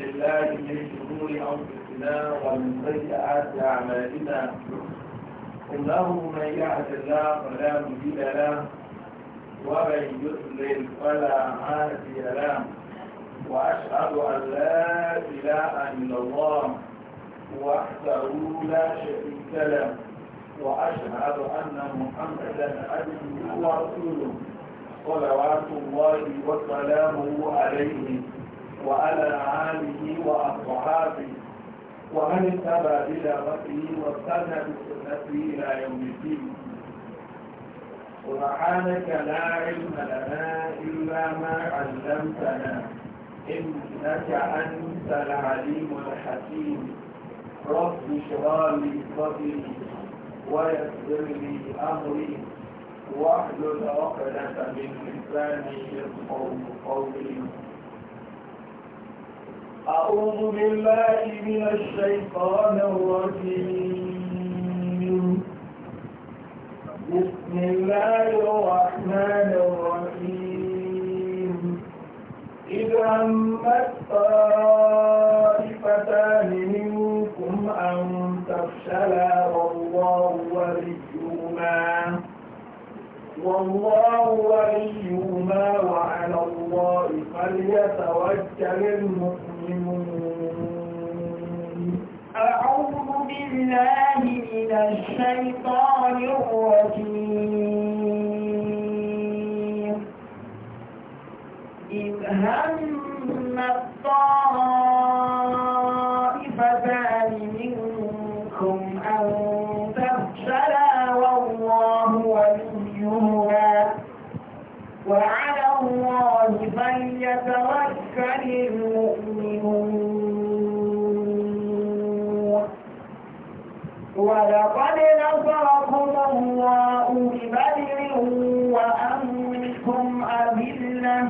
بالله من شرور أنفسنا ومن سيئات أعمالنا إنه من يهد الله فلا مضل له ومن يضلل فلا هادي له وأشهد أن لا إله إلا الله وحده لا شريك له وأشهد أن محمدا عبده ورسوله صلوات الله وسلامه عليه وعلى آله وأصحابه ومن اتبع بلاغته واستنى بسنته إلى يوم الدين سبحانك لا علم لنا إلا ما علمتنا إنك أنت العليم الحكيم رب اشرح لي صدري ويسر لي أمري واحلل عقدة من لساني يفقه قولي أعوذ بالله من الشيطان الرجيم بسم الله الرحمن الرحيم إذ همت طائفتان منكم أن تفشلا والله وليهما والله وليهما وعلى الله فليتوكل المؤمنون الظالمون أعوذ بالله من الشيطان الرجيم إذ هم الطائفتان منكم أن تفشلا والله وليهما وعلى يتوكل المؤمنون ولقد نصركم الله ببدر وأنتم أذلة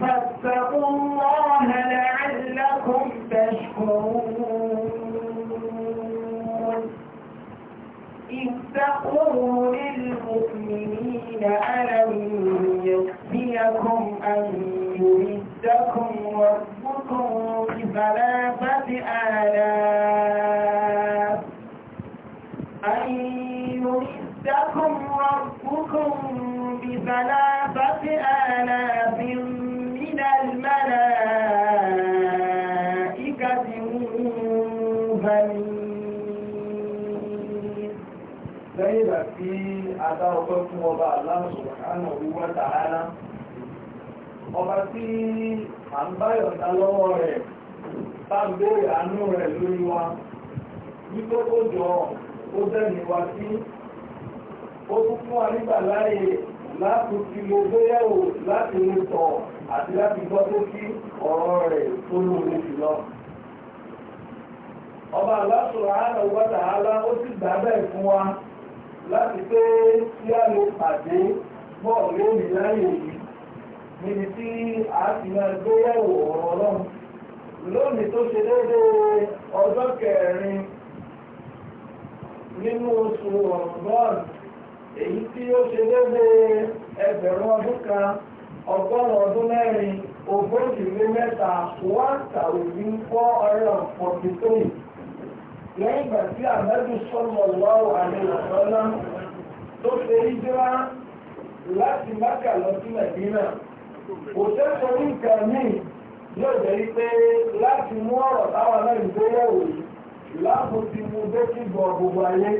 فاتقوا الله لعلكم تشكرون إذ تقول للمؤمنين ألم يخفيكم أن يردكم ربكم بثلاثة آلاف أن يردكم ربكم بثلاثة آلاف nígbà tí a fún ọba Allah subhanahu wa ọba tí a ń bá lọ́wọ́ rẹ̀ bá àánú rẹ̀ lórí wa wípé ó jọ ó wa sí ó fún wa nígbà láàyè láti fi gbéyàwó láti tọ̀ àti láti gbọ́ tó kí ọ̀rọ̀ rẹ̀ ọba ó sì gbà bẹ́ẹ̀ láti pé tí a lè pàdé bọ́ lórí lẹ́yìn èyí níbi tí a ti máa gbéyẹ̀wò ọ̀rọ̀ ọlọ́run lónìí tó ṣe déédéé ọjọ́ kẹrin nínú oṣù ọ̀gbọ́n èyí tí ó ṣe déédéé ẹgbẹ̀rún ọdún kan ọgọ́rùn ọdún mẹ́rin ogójì lé mẹ́ta one thousand four hundred and forty three lẹ́yìn ìgbà tí àmẹ́jù sọ́mọ̀ lọ́wọ́ àmìlọ̀sọ́lá tó ṣe ìjírá láti Mákà lọ sí Mẹ̀dínà kò tẹ́sọ ní nǹkan míì yóò jẹ́ wípé láti mú ọ̀rọ̀ táwọn náà ìgbéyàwó yìí láàbò ti mú bẹ́ẹ̀kì bọ̀ gbogbo ayé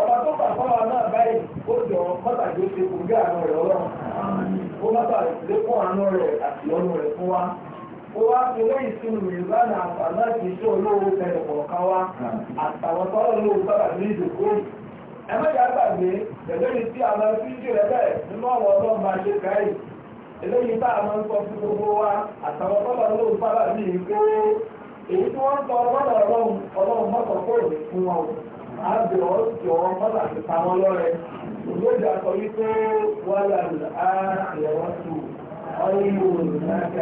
ọba tó bà fọ́wọ́ náà báyìí ó jọ mọ́tàjì ó ṣe kò gé àánú rẹ̀ ọlọ́run ó mọ́tàjì lékún àánú rẹ̀ àti ọ̀nù rẹ̀ fún wa. ó wá fi lẹ́yìn sínú yorùbá láti iṣẹ́ olówó tẹ̀lé kọ̀ọ̀kan wá àtàwọn ní ìdòkó tí a máa fi jù rẹ̀ bẹ́ẹ̀ nínú ọ̀wọ́ ọlọ́run ṣe káyì eléyìí bá àwọn sọ gbogbo wa àtàwọn ní ìkó èyí tí wọ́n sọ ọlọ́run kó fún wọn o àbẹ̀ ọ́ jọ mọ́tò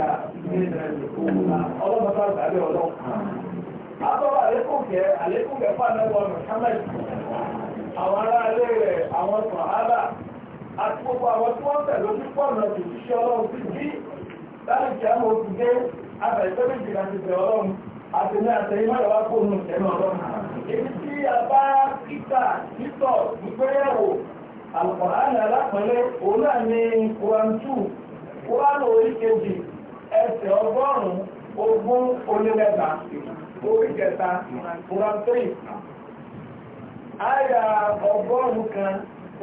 àti ọlọ́run bá gbàgbé ọlọ́run. àbọ̀wọ̀ àlékùnkẹ́ àlékùnkẹ́ fàánàwọ̀ Muhammad àwọn ará alẹ́ rẹ̀ àwọn sàhábà àti gbogbo àwọn tí wọ́n tẹ̀lé ojú pọ̀nà tó ti ṣe ọlọ́run ti jí láti jẹ́ àwọn òkùnkẹ́ abẹ̀tẹ́ méjì láti bẹ̀ ọlọ́run àti ní àtẹ̀yìn má lọ́wọ́ kó nù tẹ̀lé ọlọ́run. èyí tí a bá kíkà títọ̀ ìgbéyàwó àlùkò àná alápẹ̀lẹ́ òun náà ní kúrantù kúránù orí kejì ẹsẹ̀ ọgọ́rùn-ún ogún onílẹ́gbà orí kẹta fúrantírì àyà ọgọ́rùn-ún kan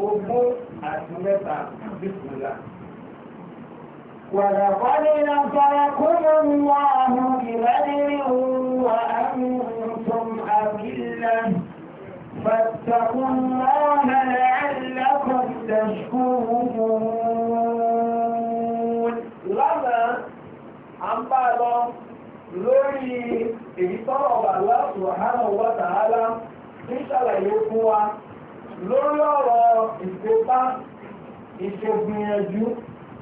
ogún àti mẹ́ta bísúlá. ولقد نصركم الله ببدر وأنتم أذلة فاتقوا الله لعلكم lọ lórí èyí tọ́rọ̀ ọ̀bà láti wàhánà wà tààlà ní ṣàlàyé fún wa lórí ọ̀rọ̀ ìgbépá ìṣègbìyànjú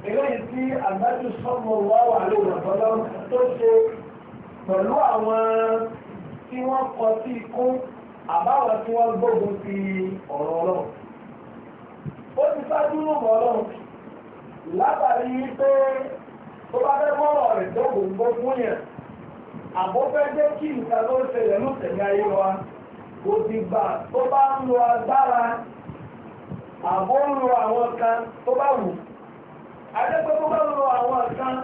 eléyìí tí àgbájú sọ́mọ wà wà lórí ọ̀pọ̀lọ́ tó ṣe pẹ̀lú àwọn tí wọ́n kọ sí ikú àbáwọn tí wọ́n gbógun ti ọ̀rọ̀ ọlọ́run ó ti sáájú lùmọ̀ ọlọ́run látàrí pé tó bá fẹ́ kọ́rọ̀ rẹ̀ dọ́gbò ń bọ́ fún yẹn fẹ́ kí nǹkan ń ṣẹlẹ̀ ló ayé wa kò dìgbà tó bá ń lo agbára àbó ń lo àwọn kan tó bá wù tó bá ń lo àwọn kan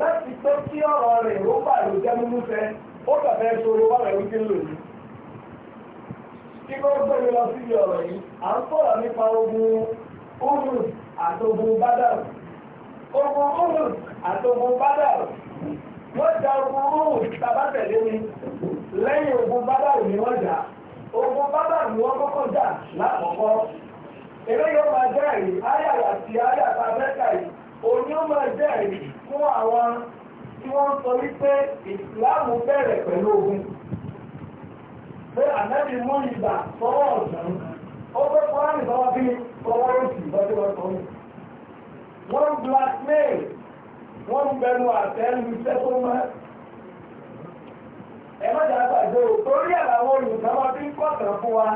láti kí ọ̀rọ̀ rẹ̀ ló bà ló jẹ́ mímú fẹ́ ó wà lò ní lọ ogun rúrùn àti ogun bádàrù wọ́n jà ogun rúrùn tàbátẹ̀lé ni lẹ́yìn ogun bádàrù ni wọ́n jà ogun bádàrù ni wọ́n kọ́kọ́ jà lákọ̀ọ́kọ́ eré yóò máa jẹ́ ẹ̀rí áyà àti áyà àtàbẹ́kà yìí òní ó máa jẹ́ ẹ̀rí fún àwọn tí wọ́n sọ wípé ìsìláàmù bẹ̀rẹ̀ pẹ̀lú ogun pé ànábì mú ìgbà sọ́wọ́ ọ̀sán ó fẹ́ fọ́nrán ìsọwọ́ bí sọ́wọ́ òsì lọ́jọ́ ọ̀sán wọ́n blackmail wọ́n bẹnu àtẹ́lu sẹ́kọ́mọ́ ẹ má jà gbàgbé o torí àwọn olùsọ́mọ tí ń kọ̀tàn fún wa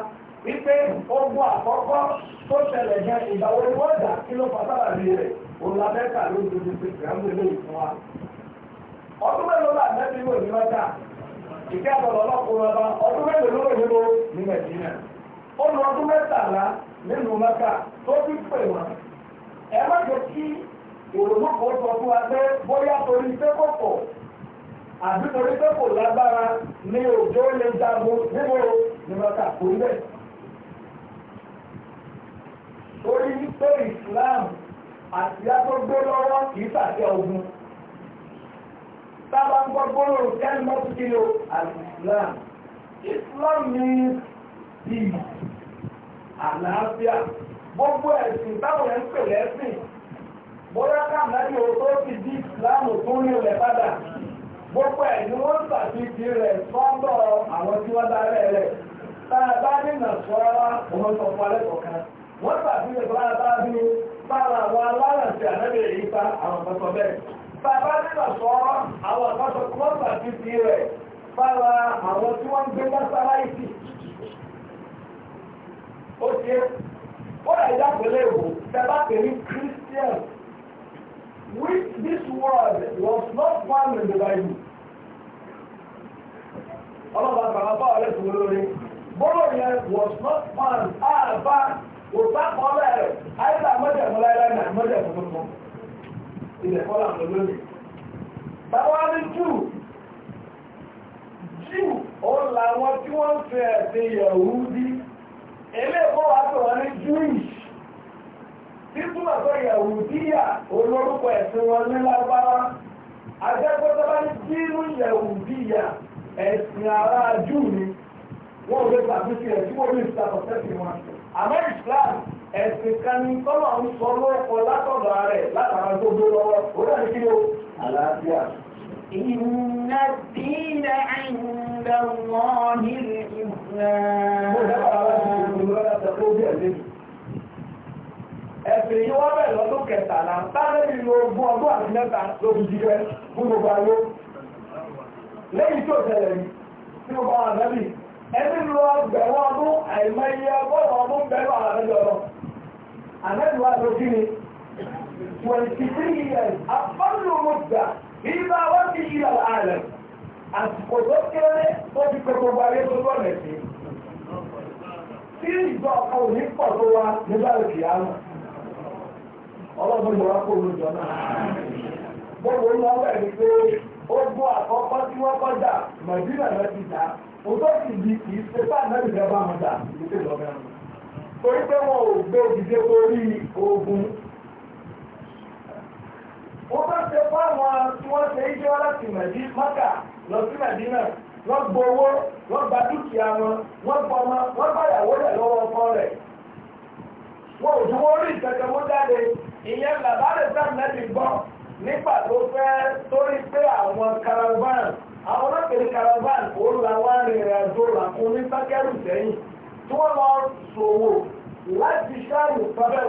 wípé ogun àkọ́kọ́ tó ṣẹlẹ̀ yẹn ìgbàwó ni wọ́n jà kí ló fa sábàbí rẹ̀ òun abẹ́ka ló dúdú sí ìgbàmúlẹ̀ ìfún wa ọdún mélòó là nẹ́bí wò ní mẹ́ta ìkẹ́ àtọ̀lọ́ lọ́kùnrin ọba ọdún mélòó ló wò ní mẹ́tìnà ó lọ ọdún mẹ́tàlá nínú mẹ́ta tó fi pè wọ́n ẹ má jẹ́ kí òròmọ kan sọ fún wa pé bóyá torí pé kò pọ̀ àbí torí pé kò lágbára ní òjò lè jagun níbo ni wọn kà kó torí pé Islam àti agbógbó lọ́wọ́ kì í pàṣẹ ogun tábà ń gbọ́ gbóló ten months kilo àti Islam Islam means peace àlàáfíà gbogbo ẹ̀sìn táwọn ẹ̀ ń pè lẹ́sìn bóyá káàmì tó ti di ìsìláàmù tó ní ilẹ̀ padà gbogbo ẹ̀ ni wọ́n ṣàfihàn rẹ̀ sọ́dọ̀ àwọn tí wọ́n darẹ̀ rẹ̀ tá a bá ní nàṣọ́ra òun sọ fún alẹ́ kọ̀ọ̀kan wọ́n ṣàfihàn tó lára bá bí bára àwọn alárànṣẹ́ ànábẹ̀ yìí pa àwọn kan bẹ́ẹ̀ tá a bá ní nàṣọ́ra àwọn kan sọ fún wọ́n ṣàfihàn rẹ̀ bára àwọn tí wọ́n ń gbé mọ́sáláìsì ó ṣe é What I just believe is that any Christian, which this word was not found in the Bible. Ọlọ́ba Bàbá Ọlẹ́sìn olórin, bọ́lọ̀ yẹn was not found àbá òbá ọlẹ́ rẹ̀, àìsàn mọ́jẹ̀mọ́ láìláì náà mọ́jẹ̀mọ́ tuntun. Ilẹ̀ kọ́lá àwọn olórin. Bàbá wa ní Júù, Júù, ó làwọn tí wọ́n ń fẹ́ ẹ̀sìn Yahudi eléèkó wa tó wọn ní Jewish títúmọ̀ tó yẹ̀wùdíyà olórúkọ ẹ̀sìn wọn ní lágbára ajẹ́pẹ́tẹ́ bá ní dínú yẹ̀wùdíyà ẹ̀sìn ara júù ni wọ́n lè gbàgbéṣe ẹ̀ tí wọ́n lè ṣàtọ̀ sẹ́sìn wọn àmọ́ Islam ẹ̀sìn kan ní tọ́lọ̀ ń sọ lóòkọ látọ̀dọ̀ rẹ̀ látara gbogbo lọ́wọ́ ó dàbí kí ló àlàáfíà. إن الدين عند الله الإسلام ẹ̀sìn yíwọ́ bẹ̀rẹ̀ lọ́dún kẹtàlá tábẹ́lì lo ogún ọdún àti mẹ́ta lóbi jíjẹ fún gbogbo ayé lẹ́yìn tó tẹ̀lẹ̀ rí tí ó bá wà nábì ẹni lo ni 23 years afọ́nlùmọ́gbà nígbà wọ́n ti yí àlẹ́ àsìkò tó kéré tó ti kókó gbalẹ̀ tó tọ́ lẹ̀ sí. tí ìjọ ọkọ̀ òní pọ̀ tó wá nígbà òkè àmà ọlọ́run yọ̀wá kó olùjọ náà. gbogbo ń lọ bẹ́ẹ̀ ni pé ogun àkọ́kọ́ tí wọ́n kọjá màdínà náà ti dá òótọ́ sì di kì í ṣe fáànà ìjọba àwọn dà ní ìjọba torí pé wọn ò gbé òdìdé orí ogun wọ́n bá ṣe fáwọn tí wọ́n ṣe ń jẹ́ láti mẹ̀dí mọ́kà lọ sí mẹ̀dínà wọ́n gbowó wọ́n gba dúkìá wọn wọ́n gbọmọ wọ́n bá ìyàwó rẹ̀ lọ́wọ́ ọkọ rẹ̀ wọn ò dúró rí ìtẹ̀tẹ̀ mú jáde ìyẹn bàbá rẹ̀ sáà mẹ́tì gbọ́ nígbà tó fẹ́ torí pé àwọn caravan àwọn ọlọ́pẹ̀lẹ̀ caravan ó la wá rìnrìn àjò làkún ní sákẹ́rù sẹ́yìn tí wọ́n lọ ṣòwò láti ṣáàyè fẹ́fẹ́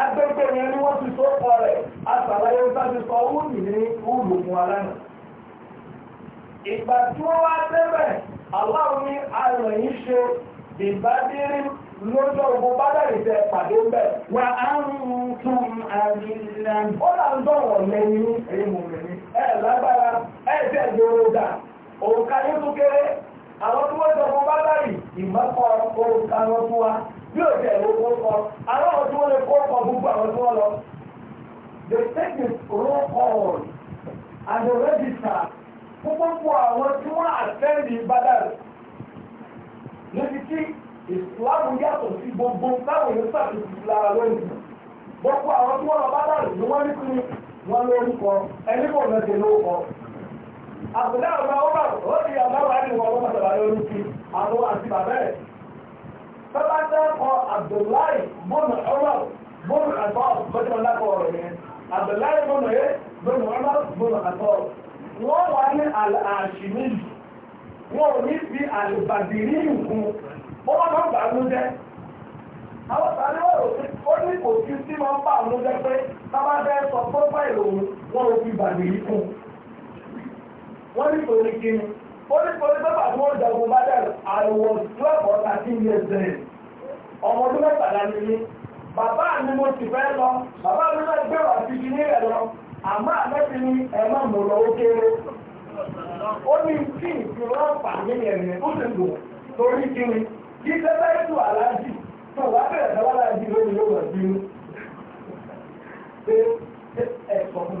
agbẹ́gbẹ́ yẹn ni wọ́n ti tó rẹ̀ asàlàyé sáfi sọ wúni ní olùkún alánà ìgbà tí wọ́n wá aláwọ̀ ní àrùn yìí ṣe lọ́jọ́ ogun bádà pàdé bẹ̀. wà á ń tún àmìlà. ó là ń dọ̀wọ̀ lẹ́yìn ẹ̀yìn mọ̀mọ́ ẹ̀ lágbára ẹ̀ tẹ̀ òǹkà tún kéré àwọn tí wọ́n jọ fún bá báyìí ìmọ̀kọ orúkọ àwọn fún wa bí ó jẹ́ ìwé orúkọ àwọn tí wọ́n lè kórúkọ gbogbo àwọn tí wọ́n lọ. they take the roll call and the register fún gbogbo àwọn tí wọ́n the ìbàdàn níbi tí ìsìláàmù yàtọ̀ sí gbogbo táwọn èèyàn ṣàtúntì lára lónìí gbogbo àwọn tí wọ́n lọ bá báyìí ni wọ́n ní kí wọ́n lórúkọ ẹni kò lọ àbùdá ọba ọba ó di ọba wà ní ìwọ̀n ọmọ sọ̀rọ̀ lórí ti àwọn àti bàbá ẹ̀. Bàbá dákọ̀ Abdullahi bọ́ọ̀nù ọba bọ́ọ̀nù àtọ́ bọ́ọ̀nù ọlákọ̀ ọ̀rọ̀ yẹn. Abdullahi bọ́ọ̀nù yẹ bọ́ọ̀nù ọba bọ́ọ̀nù àtọ́. Wọ́n wà ní àṣìmí wọn ò ní fi àlùbàdìrí nǹkan wọ́n wá máa wọ́n ní torí kí ni ó ní torí pépà tí wọ́n jagun bá dẹ̀ àìwọ̀ twelve or thirteen years then ọmọ ọdún mẹ́tàlá ni mí bàbá mi mo sì fẹ́ lọ bàbá mi náà gbé wà sí ilé rẹ̀ lọ àmọ́ àmẹ́sì ni ẹ má mọ̀ lọ ó kéré ó ní tí ìfìwọ́pà mi yẹn ni ó sì lò torí kí ni kí sẹ́fẹ́ tù aláàjì tó wá bẹ̀rẹ̀ sẹ́wọ́n aláàjì lórí yóò wọ̀ sí i.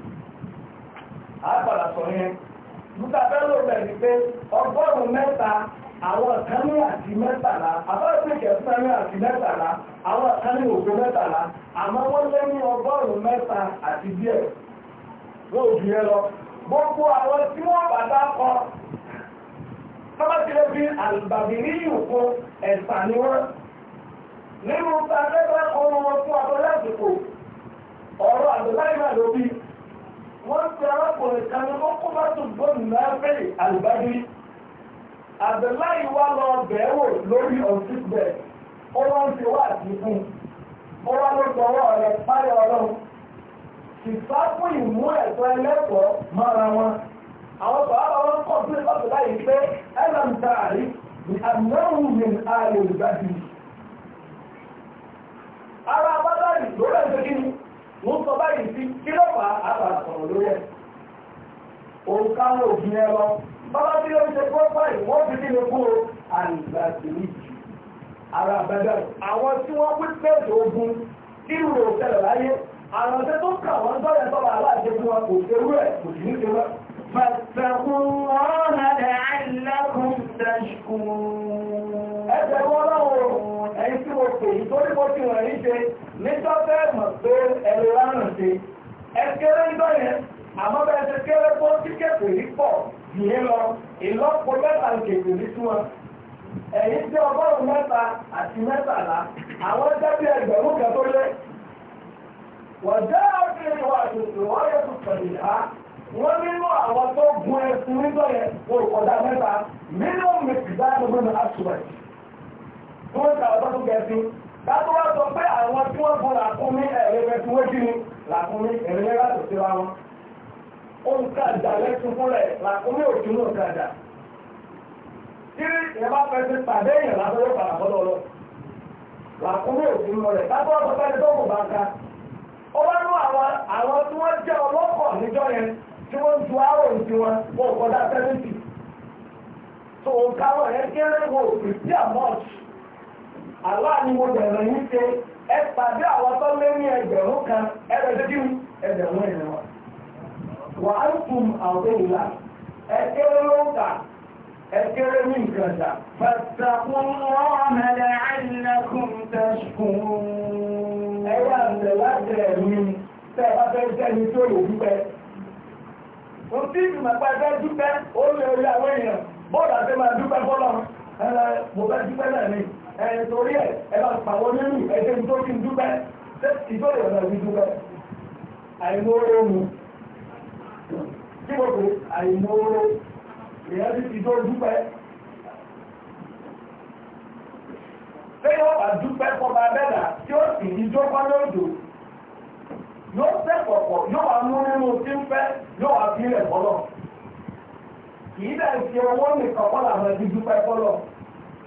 àgbàlá sọ yẹn nígbà bẹ́ẹ̀ ló bẹ̀ ni pé ọgọ́rùn-ún mẹ́ta àwọn kan ní àti mẹ́tàlá àbájáde fún ẹni àti mẹ́tàlá àwọn kan ní òkú mẹ́tàlá àmọ́ wọ́n lé ní ọgọ́rùn-ún mẹ́ta àti díẹ̀ wọ́n ò jùlẹ̀ lọ gbogbo àwọn tí wọ́n bá dákọ tọ́bátìlẹ́ bí àlùbàbí ní ìyókù ẹ̀sà ni wọ́n nínú ta lẹ́gbẹ́ ọmọ wọn fún abọ́lá àdìpọ̀ ọ̀rọ̀ àdìpọ̀ ìgbà lóbi wọ́n ti arákùnrin kan ní wọ́n kó bá tó gbọ́nù náà fẹ́yì àlùbáyé àbẹ̀láì wá lọ bẹ̀ẹ́wò lórí ọ̀sìn bẹ́ẹ̀ ó wá ń fi wá àdínkù ó wá ló gbọ́wọ́ rẹ̀ páyọ̀ ọlọ́run ìfá fún ìmú ẹ̀tọ́ ẹlẹ́kọ̀ọ́ mọ́ra wọn àwọn bàbá wọn kọ̀ sí ọ̀bẹ̀láì pé ẹlẹ́mìta àrí ni àmọ́hùn mi ààrẹ olùgbàdì ara bá láì lórí ẹ̀sẹ̀ kí mo sọ báyìí sí kí ló fà á bá sọ̀rọ̀ lórí ẹ̀ òǹkà ń òbí ẹ lọ bàbá tí ó ń ṣe pọ́páì wọ́n fi nínú kú àìgbà tèmi jù ara àbẹ̀bẹ̀ àwọn tí wọ́n wí pẹ̀lú ogun irú òṣèlú láyé àwọn tó kà wọ́n dọ́rẹ̀ sọ́ba aláàjẹ́ fún wọn kò ṣerú ẹ̀ kò sì ní ṣe wọ́n. فاتقوا الله لعلكم تشكرون ẹgbẹ́ wọn láwọn ẹ̀yìn tí mo pè yí torí bó ti wọ̀nyí ṣe ní tọ́fẹ́ mọ̀ pé ẹ̀rọ lánàá ṣe ẹ kéré ń bẹ̀rẹ̀ àmọ́ bẹ́ẹ̀ ṣe kéré bó tí kẹfì rí pọ̀ yìí lọ ìlọ́po mẹ́ta kẹfì rí sí wọn ẹ̀yìn tí ọgọ́rùn-ún mẹ́ta àti mẹ́tàlá àwọn ẹgbẹ́ bíi ẹgbẹ̀rún kẹtó wọ́n jẹ́ àfihàn ìwà àtúntò wọ́n yẹ wọ́n nínú àwọn tó gun ẹ̀sùn nígbà yẹn olùkọ́dá mẹ́ta mílíọ̀nù méjì bá gbogbo ní àṣùwẹ̀ tó ń ta ọ̀dọ́ tó gẹ̀ẹ́sì dájú wá sọ pé àwọn tí wọ́n gun làkúnmí ẹ̀rẹ́rẹ́ tí wọ́n jí ni làkúnmí ẹ̀rẹ́rẹ́ láti síra wọn òǹkàjà lẹ́sùn fúnlẹ̀ làkúnmí òjò ní òǹkàjà tí ìyẹn bá fẹ́ ti pàdé èèyàn lábẹ́rẹ́ pàràbọ́lọ́ lọ làkúnmí òjò ní ọ̀rẹ́ dájú wá sọ pé ẹni tó kò bá ń ka ọwọ́ nú àwọn tí wọ́n jẹ́ ọlọ́kọ̀ níjọ́ yẹn tí wọ́n ju àárọ̀ ìdí wọn wọ́n kọjá sẹ́mìtì tó nǹkan àwọn yẹn kéré wò pèsè àmọ́ọ̀tì àlọ́ ni mo bẹ̀rẹ̀ yín ṣe ẹ pàdé àwọn tó lé ní ẹgbẹ̀rún kan ẹgbẹ̀ tó kíwù ẹgbẹ̀rún ẹ̀rẹ̀ wọn wà á tún àwọn ìlà ẹ kéré ló ẹ kéré ní nǹkan dà. fàtàkùn ọ̀nà làálàkùn tẹ̀sùkùn. ẹ wà ń tẹ̀ láti ẹ̀mí tẹ́ ẹ bá fẹ́ sẹ́ni tó lò wípé kò sí ìgbìmọ̀pá ẹgbẹ́ dúpẹ́ ó lè orí àwọn èèyàn bọ́ọ̀dà tó máa dúpẹ́ fọ́lọ́ mo fẹ́ dúpẹ́ náà ni ẹ̀yìn torí ẹ̀ ẹ bá pàwọ́ nínú ẹgbẹ́ tó kí n dúpẹ́ ìjọ́lè ọ̀nà ìbí dúpẹ́ àìmóró mu kí mo pè àìmóró èèyàn ti ti tó dúpẹ́ lẹ́yìn ọ̀pá dúpẹ́ fọba abẹ́dà tí ó sì ní jókòó lóòdò yóò fẹ́ pọ̀pọ̀ yóò wá mú nínú tí ń fẹ́ yóò wá bí ilẹ̀ bọ́lọ̀ kì í dẹ̀ fi owó nìkan kọ́ làwọn ẹbí dúpẹ́ bọ́lọ̀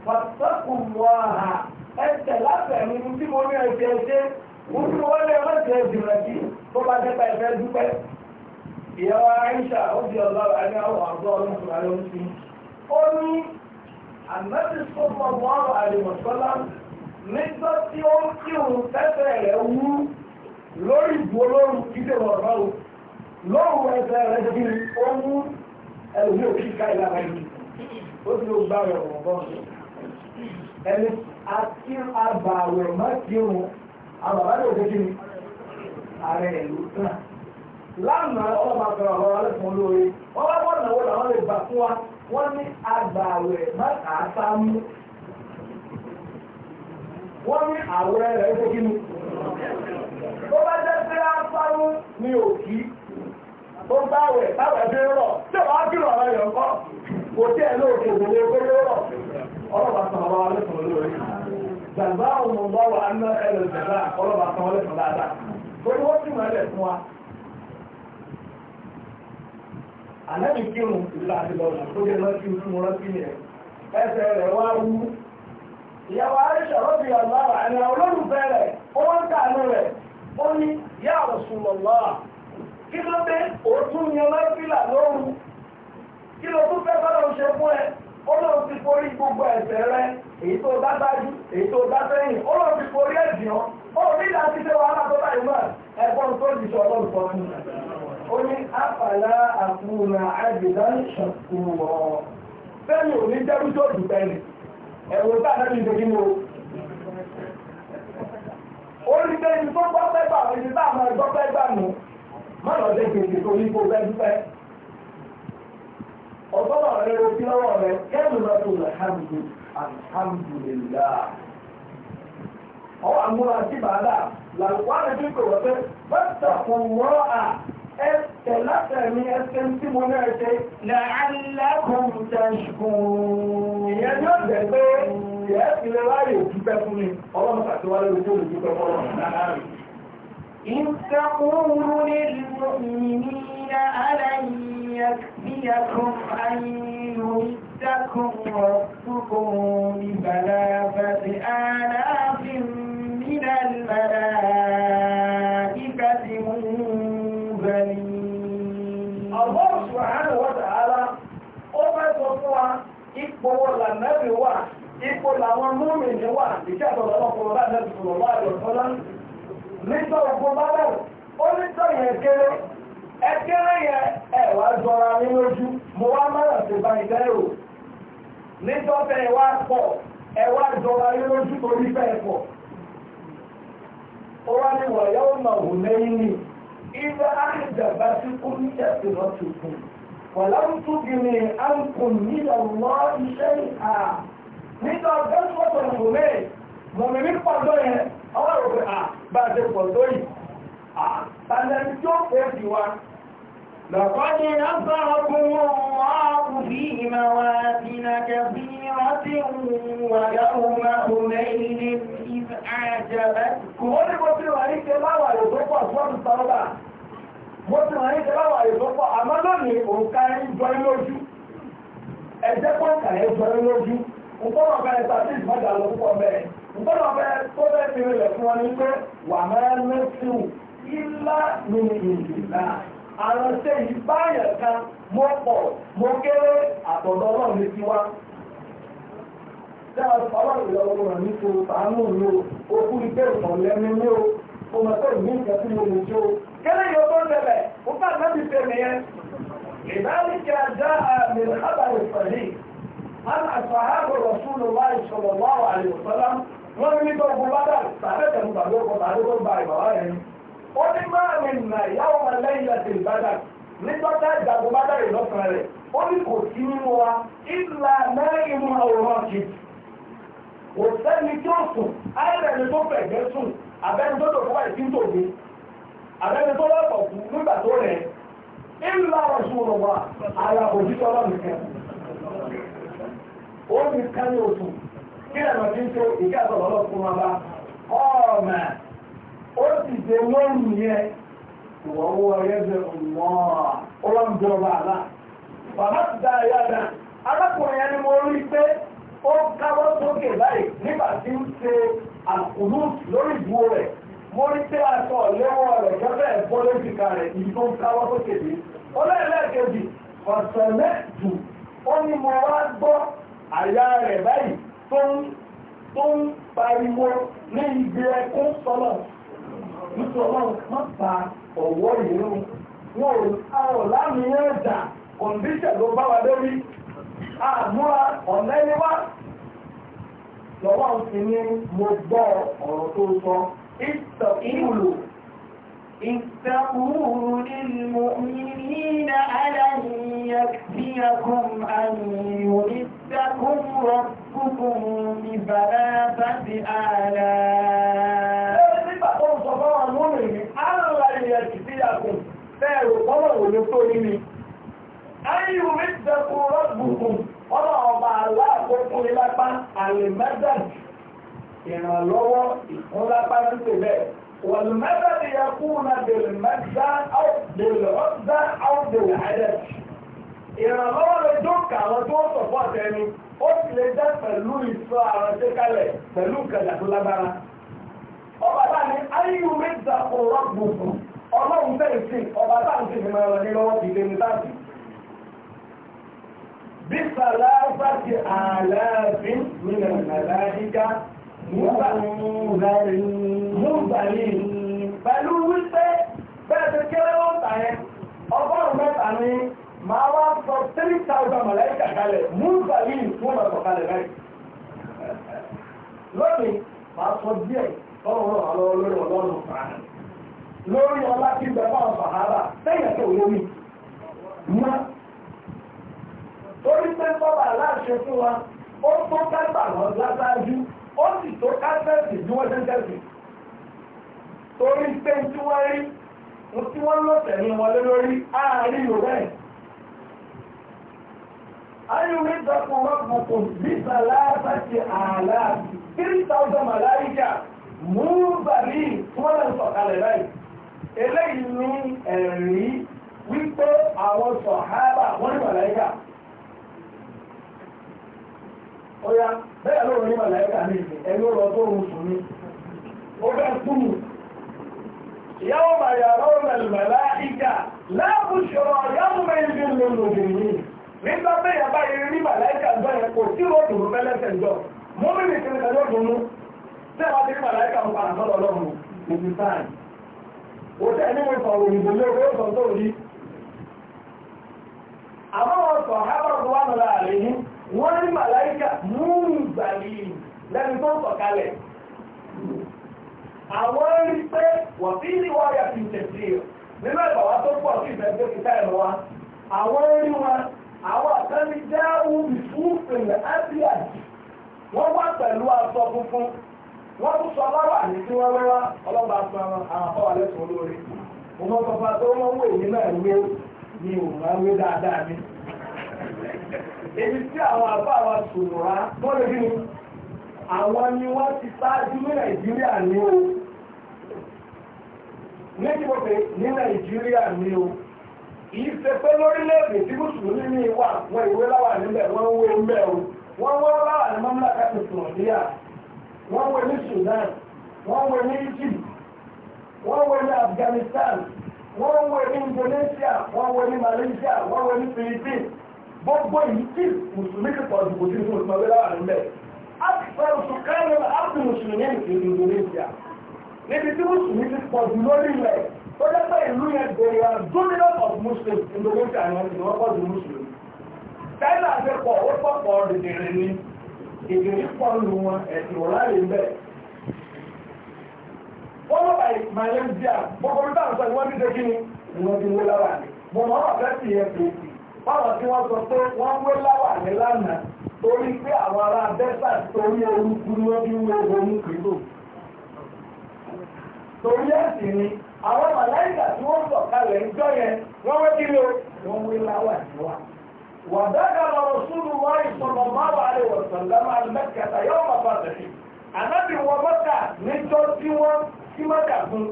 pàtàkùn wà á ẹsẹ̀ láfẹ̀ẹ́ nínú tí mo ní ẹsẹ̀ ẹsẹ̀ wọ́n ti wọ́n lé ẹlẹ́sẹ̀ ìdìrẹ̀ sí tó bá jẹ́ pa ẹ̀fẹ́ dúpẹ́ ìyàwó Aisha ó di ọlọ́rọ̀ ẹni àwọn àgbọ̀ ọlọ́run àlọ́ sí ó ní àmẹ́sì sọ́mọ́ mọ́ àlèmọ̀sọ́lá nígbà tí ó lórí ìbò olóòrùn ìdè ọ̀rọ̀ o lóòrùn rẹ̀ ti ó mú òkè ká ìlànà ìlú ó ti ló gbá rẹ̀ ọ̀rọ̀ bọ́ọ̀ ẹni àti àbàwẹ̀ má ti rùn àbàbá ní òkè kíni ààrẹ ìlú náà lánàá ọlọ́mà ọ̀rọ̀ fún olóore wọ́n bá làwọn lè gbà fún wa wọ́n ní àbàwẹ̀ má mú wọ́n ní rẹ̀ kíni. tó bá jẹ́ pé afárú ni òkí ó bá wẹ̀ táwẹ̀ bí rọ̀ tí ó bá kí rọ̀ rẹ̀ yọ̀ kọ́ kò tí ẹ̀ lóòkè òwòlé pé ló ojú mo rántí ẹ̀. Ẹsẹ̀ rẹ̀ wá wú. Ìyàwó Aisha rọ́bì ọ̀gbára ẹ̀rẹ̀ olólùfẹ́ rẹ̀ ó wọ́n ń rẹ̀ ó ní yá Rasulullah kí ló dé òótún yan láìpìlà lóru kí ló tún fẹ́ bọ́lá ṣe fún ẹ Ọlọ́run ti forí gbogbo ẹ̀ṣẹ̀ rẹ èyí tó dá gbájú èyí tó dá sẹ́yìn Ọlọ́run ti forí ẹ̀jìn ọ́ ó ní láti ṣe wàhálà tó bá ìmọ̀ ẹ̀gbọ́n tó jù sọ Ọlọ́run sọ fún ó ní àfàlà àkúnà àgbèdá ṣàkúrọ̀ fẹ́mi ò ní jẹ́rú tó dùn bẹ́ẹ̀ ẹ̀wọ̀n tá torí pé ibi tó gbọ́ fẹ́ gbà ibi tá àwọn ẹgbọ́ fẹ́ gbà nù má lọ dé gbèsè torí kó fẹ́ dúpẹ́. ọ̀gbọ́n rẹ̀ ló fi lọ́wọ́ rẹ̀ kẹ́mi lọ tó lọ ìyẹ́ ilé láyé òjúpẹ́ fún mi ọlọ́run àti wálé ojú òjúpẹ́ fọ́lọ́run náà إذ تقول للمؤمنين ألن يكفيكم أن يمدكم ربكم بثلاثة آلاف من الملائكة منزلين الله سبحانه وتعالى ó fẹ́ sọ fún wa ipò wo lànà bí wà ipò làwọn mọ́mì ní wà ìṣẹ́ àtọ̀rọ̀ ọkùnrin bá dẹ̀ tùrọ̀ wà lọ sọ́lá nítọ̀ ogun bá bẹ̀rù ó nítọ̀ yẹn kéré ẹ kéré yẹn ẹ wá jọra ní lójú mo wá mọ́ràn sí bá ìtẹ́ rò nítọ̀ tẹ ẹ wá pọ̀ ẹ wá jọra ní lójú torí bẹ́ẹ̀ pọ̀ ó wá ní wọ̀nyẹ́ ó mọ̀ òun lẹ́yìn ní ilé àìjàmbá tí kú ní ẹ̀sìn lọ́tùkùn wọ̀lá ń tún gbìmí à ń kùn nílẹ̀ wọ́n iṣẹ́ ìhà nígbà ọjọ́ pọ̀tọ̀ mùsùlùmí mùmìnì pọ̀tọ̀ yẹn ọwọ́ rò pé à ah, bá a ṣe yìí ah, à tí ó pè sí wa. لقد نصركم الله في مواسم كثيرة ويوم حنين إذ أعجبتكم. wọ́n ní mo ti wà ní ṣe láwàá yóò tó pọ̀ sọ́ọ̀tù sọ́ọ̀bà mo ti wà ní ṣe láwàá nkọ́nà fẹ́ tàbí ìfọ́jà lọ púpọ̀ bẹ́ẹ̀ tó bẹ́ẹ̀ fi rẹ̀ fún ọ ní pé wà máa ń lẹ́sìn ilá ní ìlú àwọn ṣe ìbáyẹ̀ kan mo pọ̀ mo kéré àtọ̀dọ̀ ọlọ́run ní tiwa ọlọ́run rẹ̀ ní o mọ̀ pé sí omi kéré yóò tó ó náà ti àmì pẹ̀lú hàn àṣàhábò rọ̀ṣúlù láì sọ̀rọ̀ lọ́wọ́ àlèkọ́lá wọ́n ní gbogbo bàbá tàbí tẹ̀lú bàbá ọkọ̀ tàbí tó gba ìbàbá yẹn. ó ní máa mi nà ìyáwó máa lẹ́yìn láti ìbàdà nígbàtà ìjàgbó bàbá rẹ̀ lọ́sàn rẹ̀ ó ní kò sí nínú wa ìlà náà inú àwòrán kì kò sẹ́ni tí ó sùn ayẹ̀rẹ̀ tó fẹ̀gbẹ́ sùn abẹ́ni tó dòkó wáyé tí ń tòbi abẹ́ni tó lọ́pọ̀ nígbà tó rẹ̀ ìlà ọ̀ṣun ọ̀wà àyàbòjútọ́ lọ́nìkan ó ní kánú òtù kí ẹ̀rọ tí ń tó ìgá àtọ̀lọ́ lọ́kùn máa bá ọ̀ọ̀mà ó sì ṣe lóòrùn yẹn ìwọ̀n owó ẹgbẹ́ ọ̀wọ́n ó wọ́n ń jọba àlá bàbá ti dá ẹyá dá arákùnrin yẹn ni mo rí pé ó káwọ́ sókè báyìí nígbà tí ń ṣe àkùnú lórí ìdúró rẹ̀ mo rí pé aṣọ ìléwọ́ rẹ̀ gẹ́gẹ́ ẹ̀bọ́ lójú ká rẹ̀ ibi tó ń káwọ́ sókè dé ọlọ́ọ̀lẹ́ẹ̀kejì ọ̀sẹ̀ mẹ́tù ó ní mo wá gbọ́ àyà rẹ̀ báyìí tó ń tó ń pariwo ní ibi ẹkún sọ́lọ̀ nítorí ọlọ́run má ba ọ̀wọ́ ìlú wọn ò àwọn láàmìyàn ẹ̀dà kọ̀ǹdíṣẹ̀ ló bá wa lórí àmúra ọ̀nà lọ́wọ́ ń fi ní mo gbọ́ ọ̀rọ̀ tó sọ ìtọ̀ ìwúlò إذ للمؤمنين ألن يكفيكم أن يمدكم ربكم بثلاثة آلاف Fẹ́rù ìrànlọ́wọ́ ìfúnlápá títò bẹ́ẹ̀. والمدد يكون بالمدة أو بالعدة أو بالعدد ìrànlọ́wọ́ lè dókà àwọn tó ń sọ̀fọ́ àtẹni ó sì lè jẹ́ pẹ̀lú ìsọ àwọn tó kalẹ̀ pẹ̀lú kẹjà tó lágbára. ọba bá ní ayíwú méjìlá ọ̀rọ̀ gbogbo ọlọ́run bẹ́ẹ̀ sí ọba bá ń tẹ̀lé máa ní lọ́wọ́ ìdè ní láti. bí sàlá bá ti àlàáfín nílẹ̀ nàlá múbàrí pẹ̀lú wípé bẹ́ẹ̀ kéré wọ́n tàyẹ ọgọ́rùn mẹ́ta ni máa wá sọ 3,000 mọ̀lẹ́kà kalẹ̀ múbàrí fún ọ̀sọ̀ kalẹ̀ rẹ̀ lónìí máa sọ díẹ̀ lọ́rùn ọlọ́run lórí ọlọ́run fàánà lórí ọlá tí bẹ̀fà ọ̀sàhárà tẹ́yẹ̀ tó lórí mọ́ torí pé bọ́bà aláṣẹ fún wa ó tó kẹ́gbà lọ lásáájú torí pé tí wọ́n rí tí wọ́n lọ́tẹ̀ ní wọlé lórí àárín yorùbá ẹ̀ ayúwé dọ́kun rọ́pùpù bíta láàbàtì ààlà 3000 malaika mú bàrí wọ́n lè sọ̀kalẹ̀ báyìí eléyìí ní ẹ̀rí wípé àwọn sọ̀hábà wọ́n ní malaika ó yá bẹ́ẹ̀ lóòrùn ní malaika ní ẹ̀lú ọ̀rọ̀ tó rùn sùn ní ó bẹ́ẹ̀ túnmù يوم يرون الملائكة لا بشرى يومئذ للمجرمين nígbà pé ìyàbá yìí rí màláìkà ń bẹ̀rẹ̀ kò tí ó dùn mẹ́lẹ́sẹ̀ jọ mú mi ní kíni kẹjọ dùn mú tẹ́ wá sí màláìkà ń padà sọ́dọ̀ lọ́rùn ìbí sáàyè ó tẹ́ ní mo sọ̀rọ̀ òyìnbó ní owó sọ tó rí àmọ́ wọn sọ hábàrù tó wà nù láàrin yìí wọ́n ní màláìkà mú ìgbàlì àwọn pe pé wọ́n fi ní wọ́n yà fi tẹ̀sí o wa tó pọ̀ sí ìfẹ̀gbẹ́ kíkà ẹ̀rọ wa àwọn wọn àwọn wọ́n wá pẹ̀lú aṣọ funfun wọ́n tún sọ láwà ní wọ́n wẹ́wá sọ àwọn mo mọ pàpà tó wọ èyí náà wé ni máa wé dáadáa mi èyí tí àwọn àbá wa ti sáájú ní Nàìjíríà ní o. níbi mo pè ní nàìjíríà ni o kìí ṣe pé lórílẹ̀-èdè tí mùsùlùmí ní wà wọn ìwé láwà níbẹ̀ wọ́n ń wé ńbẹ̀ o wọ́n wọ́n láwà ní mọ́mílà káfí sùnmọ̀díà wọ́n wé ní Sudan wọ́n wé ní Egypt wọ́n wé ní Afghanistan wọ́n wé ní Indonesia wọ́n wé ní Malaysia wọ́n wé ní Philippines gbogbo yìí tí mùsùlùmí ti pọ̀ ju kò sí fún ìpàwé láwà níbẹ̀ á ti pẹ̀lú sùkárẹ̀ àti mùsùlùmí ní Indonesia níbi tí mùsùlùmí ti pọ̀ jù lórí ilẹ̀ ó jẹ́ pé ìlú yẹn they are dominant of muslims indonesia ni wọ́n ti wọ́n pọ̀ jù mùsùlùmí china ti pọ̀ ó pọ̀ pọ̀ dìdìrì ni dìdìrì pọ̀ nù wọn ẹ̀sìn wọ́n láàyè ń bẹ̀. wọ́n lọ bá malaysia gbogbo bí táwọn sọ ni wọ́n ti dé kí ni ìwọ̀n ti wé láwà ni mo mọ̀ wọ́n fẹ́ sì yẹn fi báwọn tí wọ́n sọ pé wọ́n wé láwà ní lánàá torí pé àwọn ará desert torí orúkú ni wọ́n fi ń wé ogun kìlọ̀ torí ẹ̀sìn ni àwọn màláìkà tí wọ́n sọ̀ kalẹ̀ ń jọ yẹn wọ́n wé kí ló wọ́n wé láwà níwà. wàdákà lọ́rọ̀ súnú wọ́n ìsọ̀rọ̀ máa wà lè wọ̀ sọ̀lámà mẹ́kẹta yóò máa bá tẹ̀lé. ànábì wọ mọ́kà níjọ́ tí wọ́n sí mọ́kà fún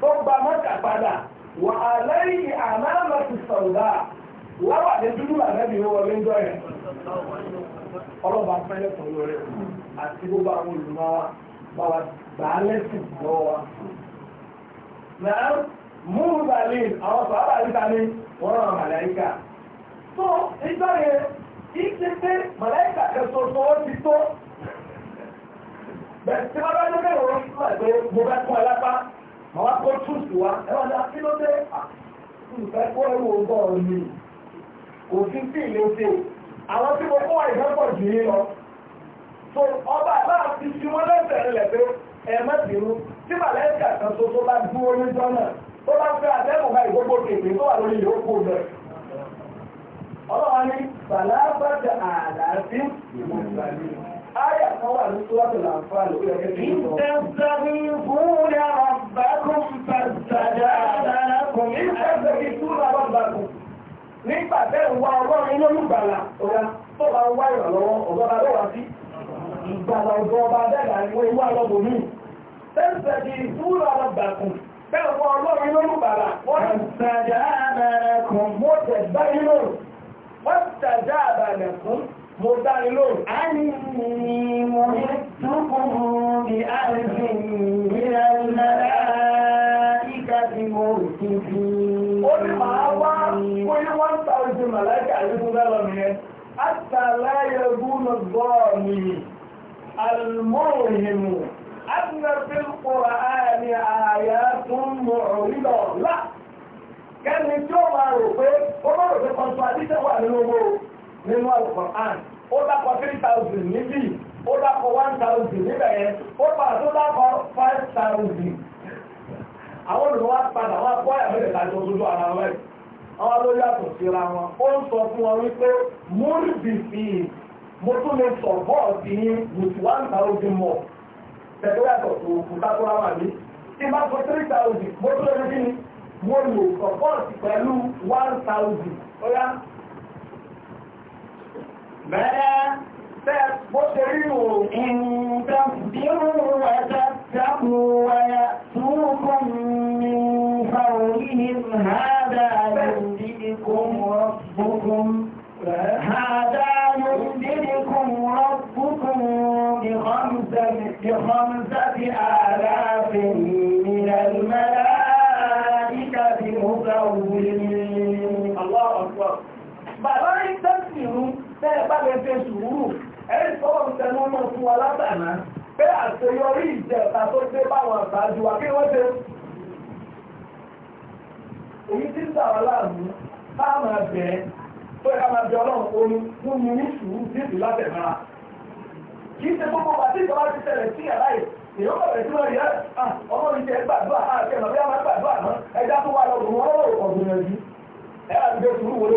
tó gba mọ́kà padà wà á lẹ́yìn àmàlà ti sọ̀rọ̀ láwà ní dúdú ànábì wọ́n wọlé ń jọ yẹn. ọlọ́ba fẹ́lẹ́ pẹ̀lú rẹ̀ àti gbogbo àwọn olùmọ̀ wa bá wa gbà á lẹ́sìn lọ́wọ́ wa náà múrùbàlín àwọn sọ̀rọ̀ àríta ní wọ́n rán màláìkà tó ìgbà yẹn ìṣe pé màláìkà kẹsọ̀tọ̀ ó ti tó bẹ̀rẹ̀ tí wọ́n bá ní bẹ́ẹ̀ wọ́n fún àgbẹ̀ mo bá kún alápá màá wá kó túùsù wa ẹ wá dá kí ló dé nǹkan kó ewu bọ́ọ̀ mi kò sí sí ìlú ṣe àwọn tí mo kó àìsàn pọ̀ jù yín lọ tó ọba àbá àti ṣi wọn lẹ́sẹ̀ rẹ̀ lẹ̀ ẹ̀mọ́ bínú tí màlẹ́kà kan tó tó bá dúró ní jọ́nà tó bá fẹ́ àtẹ́kùn bá ìgbógbó kèké tó wà lórí ìyókù rẹ̀ ọlọ́wọ́ ní bàlábàdà àlàáfíà ìmọ̀lẹ́lẹ́ Aya kan wà ní Súwátò Làǹfà lórí ẹgbẹ́ tí ó lọ. Ìtẹ̀sẹ̀rí fún ẹ̀rọ̀bẹ̀kùn fẹ̀sẹ̀dá àdárakùn. Ìtẹ̀sẹ̀rí fún ẹ̀rọ̀bẹ̀kùn. Nígbà bẹ́ẹ̀ wá ọlọ́run lórúgbàlà, ọ̀gá tó bá wá ìrànlọ́wọ́, ọ̀gá bá lọ́wọ́ sí ìgbàlà ọ̀dọ́ ọba dẹ́gbà ìwọ ewu alọ́bò ní tẹ́sẹ̀dì ìfúra ọgbàkùn kẹwọ́ ọlọ́rin ló lùbàrà wọ́n tẹ̀já àbẹ̀rẹ̀kùn mo tẹ̀gbá inú wọ́n tẹ̀já àbẹ̀rẹ̀kùn mo dáni ló a ní mo ní túnkùn bí a ń fi ìrìnlẹ̀ ìkà tí mo ti fi ó ní máa wá fún ní 1000 màláìkà àríkún bẹ́lọ̀ nìyẹn Àtàlá yẹ gúnnà gbọ́ mi. الموهم أن في القرآن آيات معرضة لا kẹ́ni tí ó máa rò pé ó máa rò pé contradiction wà nínú owó nínú alukoran ó dákọ̀ three thousand níbí ó dákọ̀ one thousand níbẹ̀ yẹn ó pa tó dákọ̀ five thousand àwọn olùkọ́ wa padà wá mo tún lè sọ bọ́ọ̀ ní with one thousand more tẹ̀tọ́ yàtọ̀ tó òkúta tó ráwà ní tí bá tó three thousand mo tún lè rí ní mo lò sọ bọ́ọ̀ pẹ̀lú one thousand ó yá. bẹ́ẹ̀ tẹ́ bó ṣe rí o. nǹkan bírú ẹ̀ka sáfù wáyà túnbọ̀ mi فورهم هذا يهديكم ربكم هذا fún wa pé àṣeyọrí ìjẹta tó dé báwọn àgbájú wa èyí tí ń sàrọ̀ láàmú bá bẹ̀ tó yẹ ká ọlọ́run omi fún mi ní sùúrù sí ìlú ṣe gbogbo àti ìjọba ti tẹ̀lẹ̀ sí bẹ̀rẹ̀ sí ọmọ mi gbàdúrà àti ẹ̀nà bí a máa gbàdúrà ẹja tó wà wọn lọ́wọ́ ọ̀gbìn ẹ̀jú ẹ̀ àti bẹ́ẹ̀ sùúrù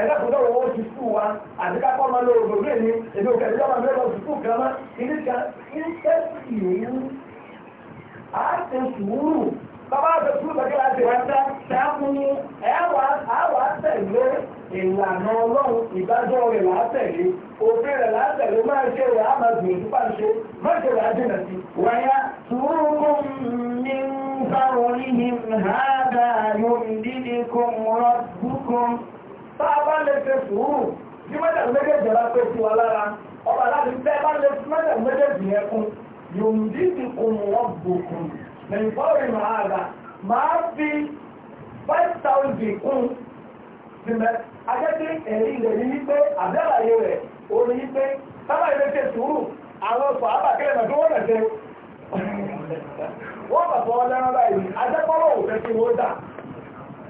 ẹ̀dàkùnrin ọ̀rọ̀ wọn ti sùn wa àti ká kọ́ máa lọ òdò lé ní èdè òkè ìjọba máa lọ sí sùn kan máa ilé kan ilé sì ń á ti sùúrù bàbá àti sùúrù bàjẹ́ láti wá sá sáàkùn ní ẹ̀wà àwà tẹ̀lé ìlànà ọlọ́run ìdájọ́ rẹ̀ là á tẹ̀lé òfin rẹ̀ là á tẹ̀lé máa ṣe rẹ̀ á máa gbìyànjú bá ń ṣe ṣe rẹ̀ á jìnà sí. wáyà sùúrù mi ń bá wọn yìí hàn dáa yóò dídí kún rọ́ọ̀dù kún bá a bá lè ṣe sùúrù bí mẹ́tẹ̀lú méjèèjì bá pé sí wa lára ọba láti bẹ́ bá lè mẹ́tẹ̀lú méjèèjì yẹn fún yòǹdí ti kùn wọ́n bùkún lẹ́yìn fọ́ọ̀rì màá gà máa fi five thousand kún sílẹ̀ ajẹ́pẹ́ ẹ̀rí ilẹ̀ yìí wípé àbẹ́làyé rẹ̀ orí wípé sábà ilé ṣe sùúrù àwọn ọkọ̀ abàkẹ́lẹ̀ náà tó wọ́n rẹ̀ ṣe wọ́n bàtọ́ ọlẹ́rán báyìí ajẹ́pọ́lọ́ òfẹ́ tí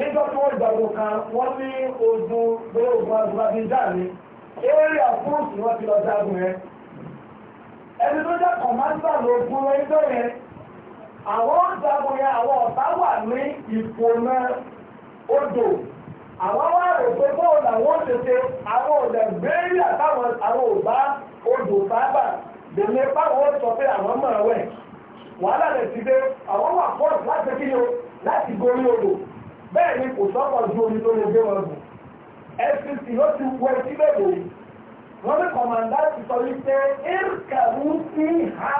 nígbà tí wọ́n gbàgbọ́ kan wọ́n ní ogun bóyá ogun agbábíjà ni eré àfúrúsù ni wọ́n ti lọ jagun yẹn ẹni tó jẹ́ kọ̀mándà lógún ẹgbẹ́ yẹn àwọn jagun yẹn àwọn ọ̀tá wà ní ìfòná odò àwọn wá rò pé bóòlù àwọn tètè àwọn òlẹ̀ gbérí àtàwọn àwọn òbá odò sábà dèmí báwọn sọ pé àwọn mọ̀ ẹ̀wẹ̀ wàhálà rẹ̀ ti dé àwọn wà pọ̀ láti kí ni o láti gorí odò bẹ́ẹ̀ ni kò sọ́kọ̀ ju omi tó lè gbé wọn bù fcc ló ti wọ etí bẹ́ẹ̀ wò wọ́n ní kọ̀mọ̀dá ti sọ wípé ìrkàrú sí ha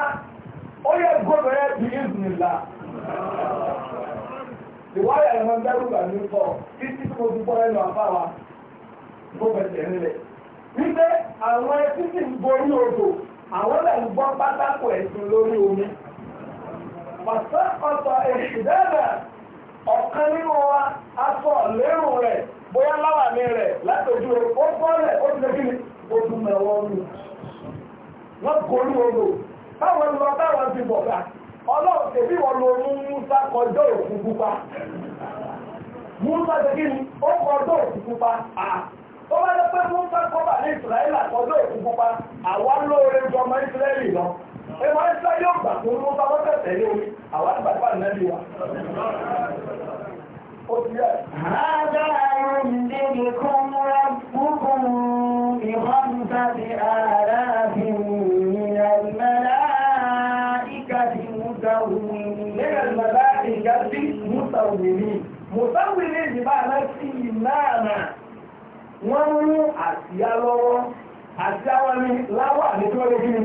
ó yẹ gbọ́dọ̀ yẹ bí ìzùnìlà ìwádìí àwọn ọmọdé rúgbà ní sọ títí tí mo ti gbọ́ ẹnu àbáwa tó bẹ̀sẹ̀ nílẹ̀ wípé àwọn ẹtí sì ń borí odò àwọn lè ń gbọ́ pátákó ẹ̀sìn lórí omi pàṣẹ ọ̀sọ̀ èṣù dẹ́gbẹ̀ẹ́ ọ̀kan nínú wa aṣọ lérò rẹ̀ bóyá láwàní rẹ̀ látòjú ó bọ́lẹ̀ ó ti lẹ́kìnì ó tún mẹ́wọ́ nù wọ́n gorí odò táwọn lọ táwọn ti wọn lo mú Musa kọjọ́ òkun pupa Musa ó pupa à ó bá Musa kọ́ bà ní Israẹli àkọjọ́ òkun pupa àwa lóore jọmọ ẹ máa ń sá yóò gbà tó ń bá wọ́n tẹ̀sẹ̀ ní omi àwọn àgbàgbà náà bí wa. ó ti yẹ. Hádà yóò kún rọ́bùkún ìwọ́nta ti ara fi ìrìnà ìmọ̀lá ìkàtí mùtàwùmí. Nígbà tí màbá ìgbà sí mùtàwùmí. Mùtàwùmí ni bá a lọ sí ìmáàmà. Wọ́n mú àsíá lọ́wọ́. Àsíá wọn ni láwà nítorí kí ni?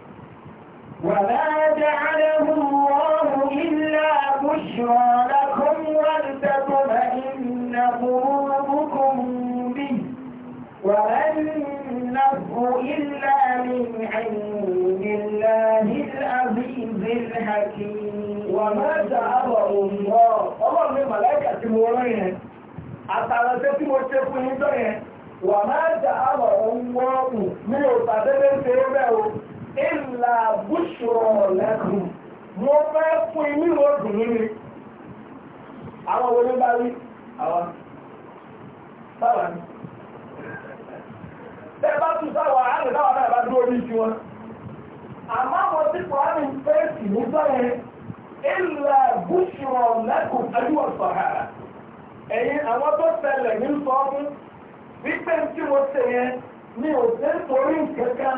وما جعله الله إلا بشرى لكم ولتطمئن قلوبكم به وما النصر إلا من عند الله العزيز الحكيم وما جعله الله الله من ملائكة مولين àtàrà tẹ́ tí mo ṣe fún yín tó yẹn wà máa jà àwọ̀ òun wọ́n kù ní òtàdébé ṣe é bẹ́ẹ̀ o ìlà búṣọ̀rọ̀ lẹ́kùn mo fẹ́ fún inú ìrọ̀dùn nínú àwọn òwe bá rí àwọn sáwà ní tẹ́ bá tún sáwà á lè dáwà náà bá dúró ní ti wọn àmọ́ àwọn tí kò á ní fẹ́ẹ̀sì ní sọ́yẹn ìlà búṣọ̀rọ̀ lẹ́kùn ẹ̀dùn ọ̀sọ̀hàrà ẹ̀yìn àwọn tó tẹ̀lẹ̀ ní sọ́ọ́mù wípé tí mo tẹ̀yẹn mi ò tẹ́ torí nǹkan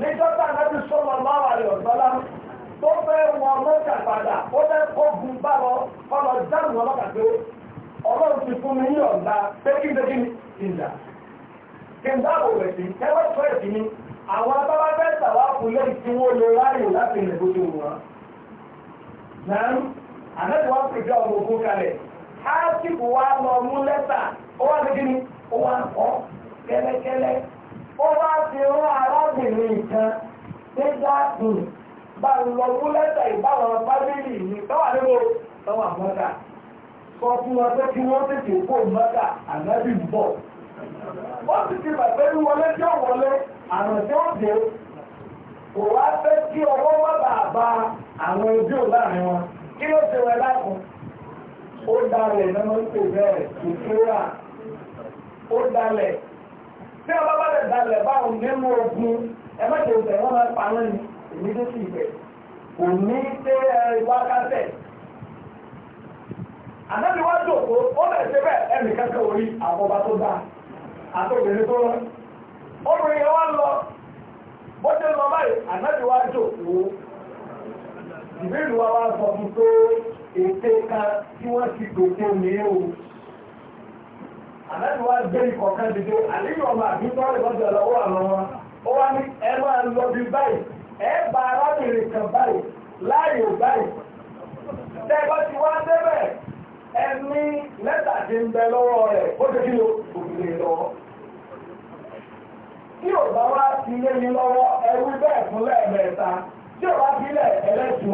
níjọ́tà náàbí sọ́lọ̀ máwà rẹ̀ ọ̀dọ́lá tó fẹ́ wọn mọ́jà padà ó fẹ́ kọ́gùn bá lọ ọlọ dáhùn ọlọ́kà pé ọlọ́run ti fún mi ní ọ̀dá pé kí ló kí ìjà kí n dáàbò rẹ̀ sí ẹwọ́ tó ẹ̀ sí ni àwọn abáwá fẹ́ tàwa kù lẹ́yìn tí wọ́n lè ráyè ó bá ti rán arábìnrin kan nígbà dùn hmm, bá lọ mú lẹ́tẹ̀ ìbáwọn fábílì ní tọ́wà níbo tọ́wà mọ́ta sọ fún wọn pé kí wọ́n tètè kó mọ́ta ànábì ń bọ̀ wọ́n ti ti bàbá ní wọlé tí ó wọlé tí ó dé kò wá fẹ́ kí ọwọ́ má bàa àwọn ojú bí ọba bá lè dalẹ̀ báwọn nínú ogun máa ní ìmídé sí ìgbẹ̀ kò ní tẹ́ wákàtẹ̀ àtẹ́bí wá jòkó ó lè ṣe ẹnì kẹ́kẹ́ orí àbọ̀bá tó dáa àtòbìnrin lọ obìnrin yẹn wá lọ lọ báyìí àtẹ́bí wá jòkó ìbílù wa wá sọ fún ète kan wọ́n ti àlẹ́bí wá gbé ikọ̀ kan dìde àlẹ́yìn ọmọ àbí tó lè lọ́jọ́ lọ́wọ́ àwọn wọn ó wá ní ẹ máa lọ bí báyìí ẹ bá arábìnrin kan báyìí láàyè báyìí tẹ́gbọ́n ti wá débẹ̀ ẹni lẹ́tà ti ń bẹ lọ́wọ́ rẹ̀ ó ti kí ló òkèlè lọ́wọ́ tí ò bá wá ti lé mi lọ́wọ́ ẹrú bẹ́ẹ̀ fún lẹ́ẹ̀mẹ́ta tí ò bá fi lẹ̀ ẹlẹ́tù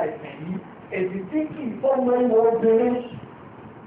àìsàn yìí èsì tí kì í tọ́nu obìnrin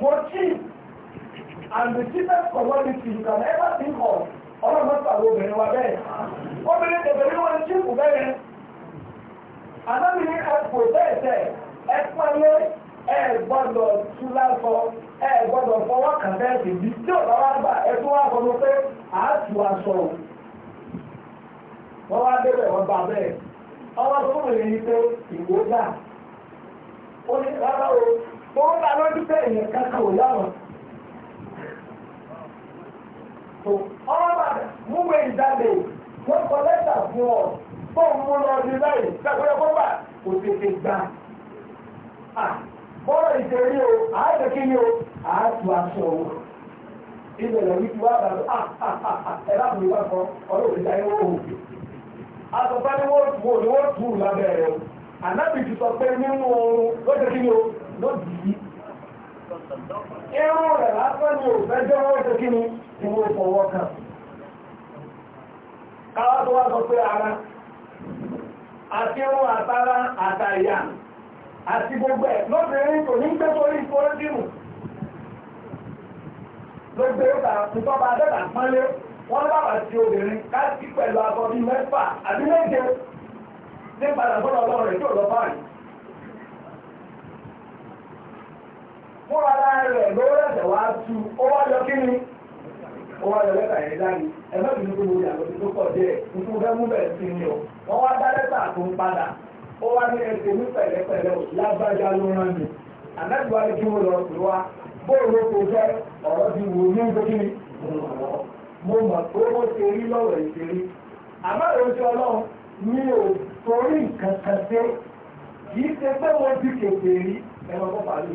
14 and the cheapest commodity you can ever think of ọlọ́mọ́ta wo obìnrin wa bẹ́ẹ̀ obìnrin tẹ̀bẹ̀rẹ̀ wọn chíkù bẹ́ẹ̀ anábìnrin ẹ̀kọ́ bẹ́ẹ̀ ẹ̀pẹ́lẹ́ ẹ̀gbọ́dọ̀ túlásọ ẹ̀gbọ́dọ̀ fọwọ́ kàn bẹ́ẹ̀ sì bí tí ò bá wá gbà ẹ̀tún wá fọdún pé àátù aṣọ wọ́n wá débẹ̀ wọ́n bá bẹ́ẹ̀ ọwọ́ tó wù ní pé ìwó ó ní rárá o ó ń bá lójú pé èèyàn kankan ò yáwọn. ọ̀rọ̀ bá múwe ìdálé wọ́n kọ lẹ́tà fún ọ fóun mú lọ sí báyìí ṣàkóyọ kó bà kò tètè gbà. bọ́ọ̀lù ìṣeré o àádọ́ kí ni o àátú aṣọ o. ìbẹ̀rẹ̀ wípé wà bàbá ẹ̀rọ àbúrò wà kọ́ ọlọ́run ìdá ẹ̀wọ̀ òkè. àtọ̀fẹ́ ni wọ́n tù ú ni wọ́n tù ú lábẹ́ rẹ̀ o. ànábì ti sọ pé nínú oorun lọ́jọ́ kí ni o lọ́dì yìí ẹ̀rọ rẹ̀ lásán ni òfẹ́jọ́ wọ́n ṣe kí ni tí wọ́n fọwọ́ kan káwá tó wá sọ pé ara àti ẹ̀rọ àtàrà àtàyà àti gbogbo ẹ̀ lọ́bìnrin kò ní gbé sórí ìfọ́rẹ́dìmù ló gbé ọ̀tà ìtọ́ba adẹ́ta pọ́nlé wọ́n bàbà sí obìnrin ká sí pẹ̀lú abọ́ bíi mẹ́fà àbí méje ní padà bọ́lọ̀ ọlọ́run rẹ̀ tí ò lọ báyìí múra láàrin rẹ̀ ló rẹ̀sẹ̀ wá tu ó wá lọ kí ni ó wá lọ lẹ́tà yẹn dání ẹ̀fẹ́ mi ní kó lórí àlọ́ tó pọ̀ díẹ̀ nítorí fẹ́ mú bẹ̀rẹ̀ sí ni o wọ́n wá dá lẹ́tà tó ń padà ó wá ní ẹsẹ̀ ní pẹ̀lẹ́pẹ̀lẹ́ o lágbájá ló rán mi àmẹ́tì wá ní kí wọ́n lọ sí wa bóòlù kò fẹ́ ọ̀rọ̀ ti wò ní nítorí mo mọ̀ pé ó ṣe rí lọ́rọ̀ ìṣeré àmọ́ ìròyìn ọlọ́run mi ò torí nǹkan kan dé kì í ṣe pé wọ́n ti kèké rí ẹ̀rọ tó pàlú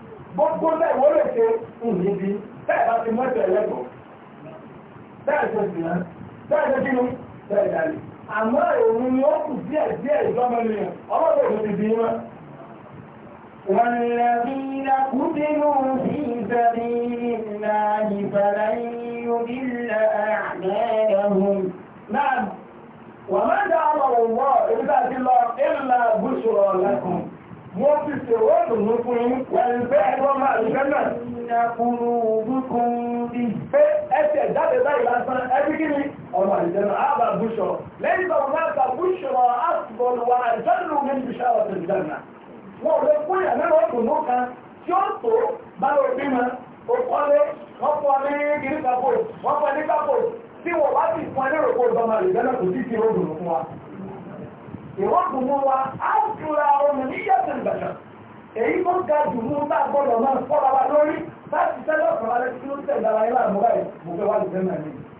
gbogbo náà lè ṣe nǹkan bẹ́ẹ̀ bá ti mú ẹsẹ̀ bẹ́ẹ̀ ṣe sì hàn bẹ́ẹ̀ ṣe kí ni bẹ́ẹ̀ dàlẹ́ àmọ́ òun ni ó kù díẹ̀ díẹ̀ ìjọmọlẹ́yìn ọlọ́dọ̀ òun ti bí wọn. والذين قتلوا mo ti ṣèwọ́ ìdùnnú fún yín wẹ̀yìn pé ẹgbọ́n máa rí gẹ́gẹ́ náà. ìyá kúrú búkún bí. pé ẹsẹ̀ jáde báyìí lásán ẹbí kí ni ọmọ àdìjẹ́nà àbá búṣọ lẹ́yìn tó máa ta búṣọ àtìbọ̀lù wa àìjọ́nù mi ti ṣe àwọn àdìjẹ́nà. wọn ò lè fún yà nínú ìdùnnú kan tí ní kiri kápò wọ́n fọ́ ní kápò tí wọ́n fún ẹ ìwọ́n dùn mú wa á jura ọmọ níyàtọ̀ ìbàdàn èyí tó ga jù mú bá gbọ́dọ̀ máa fọ́ra wa lórí láti sẹ́lẹ̀ ọ̀sán wa lẹ́sí ló tẹ̀ dára ilé àmúra ẹ̀ mo fẹ́ wá lè fẹ́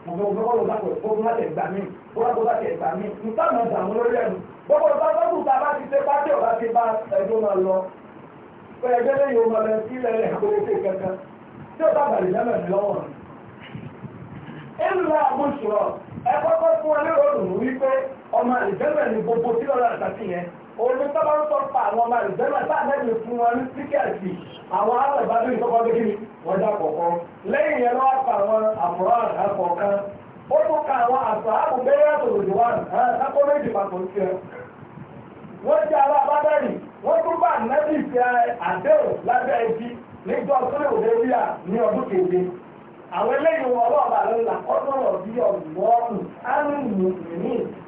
mọ̀ mi mo fẹ́ gbọ́dọ̀ bá gbọ́dọ̀ gbọ́dọ̀ bá tẹ̀ gbà mí gbọ́dọ̀ bá tẹ̀ gbà mí nípa mọ̀ dà wọ́n lórí ẹnu gbọ́dọ̀ bá gbọ́dọ̀ tá a bá ti ṣe pátí ọ̀bá ti bá ẹjọ́ máa lọ ẹgbẹ́ lẹ́yìn ọmọ rẹ sílẹ̀ rẹ̀ kó lè ṣe kankan tí ó bá bàlẹ̀ lẹ́mọ̀ mi lọ́wọ́ rẹ̀. ìlú àbúṣọ ẹ kọ́kọ́ fún ọ lérò ọmọ àlìjẹ́nà ní gbogbo tí lọ́la àtàtì yẹn olú sábà ń sọ̀rọ̀ pa àwọn ọmọ àlìjẹ́nà sáàlẹ́bí fún wọn ní tíkẹ́ẹ̀tì àwọn àlọ́bá ní ìtọ́kọ́ bí kí ni wọ́n dá kọ̀ọ̀kọ́ lẹ́yìn yẹn lọ́wọ́ pa àwọn àfọ̀rọ̀ àkọ́kọ́ ó tún ka àwọn àṣà àbùgbéyà tó lòdì wá sákó méjì pàtó ń tiẹ̀ wọ́n ti ara abádẹ́rì wọ́n tún bá nẹ́bí ti àdéhùn lábẹ́ ẹbí níjọ́ sílẹ̀ òdèbíà ní ọdún keje àwọn eléyìí wọn ọlọ́ọ̀bà lọ́la ọdún ọ̀bí ọ̀gbọ́n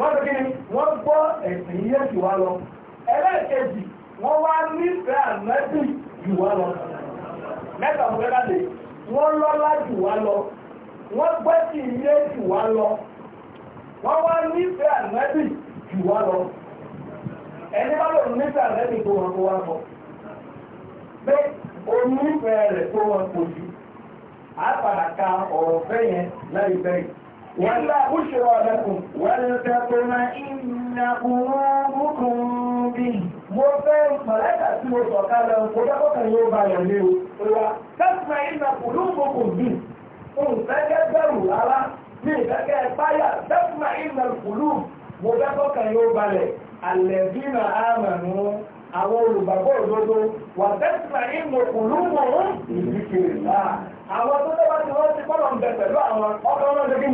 wọ́n ti kíni wọ́n gbọ́ ẹ̀sìn yíyẹ jù wá lọ ẹlẹ́ẹ̀kejì wọ́n wá nífẹ̀ẹ́ àmẹ́bì jù wá lọ mẹ́ta fún ẹ̀ka wọ́n lọ́lá jù lọ wọ́n gbọ́ sí yíyẹ jù wá lọ wọ́n wá nífẹ̀ẹ́ àmẹ́bì jù lọ ẹni bá nífẹ̀ẹ́ tó wọn kó wá pé rẹ̀ tó wọn kò jù á padà ولا بشرى لكم ولتطمئن قلوبكم به mo fẹ́ mọ̀lẹ́kà tí mo sọ̀ kalẹ̀ kó dákọ̀kà yóò balẹ̀ lé o wa tẹ́sìmọ̀ iná kùlùmù kò bí nfẹ́kẹ́ bẹ̀rù rárá ní ìfẹ́kẹ́ báyà tẹ́sìmọ̀ iná kùlùmù mo dákọ̀kà yóò balẹ̀ alẹ́bínà àmànú àwọn olùgbàgbọ́ òdodo wà tẹ́sìmọ̀ iná kùlùmù ìdíkèrè náà àwọn tó tẹ́ bá ti wọ́n ti kọ́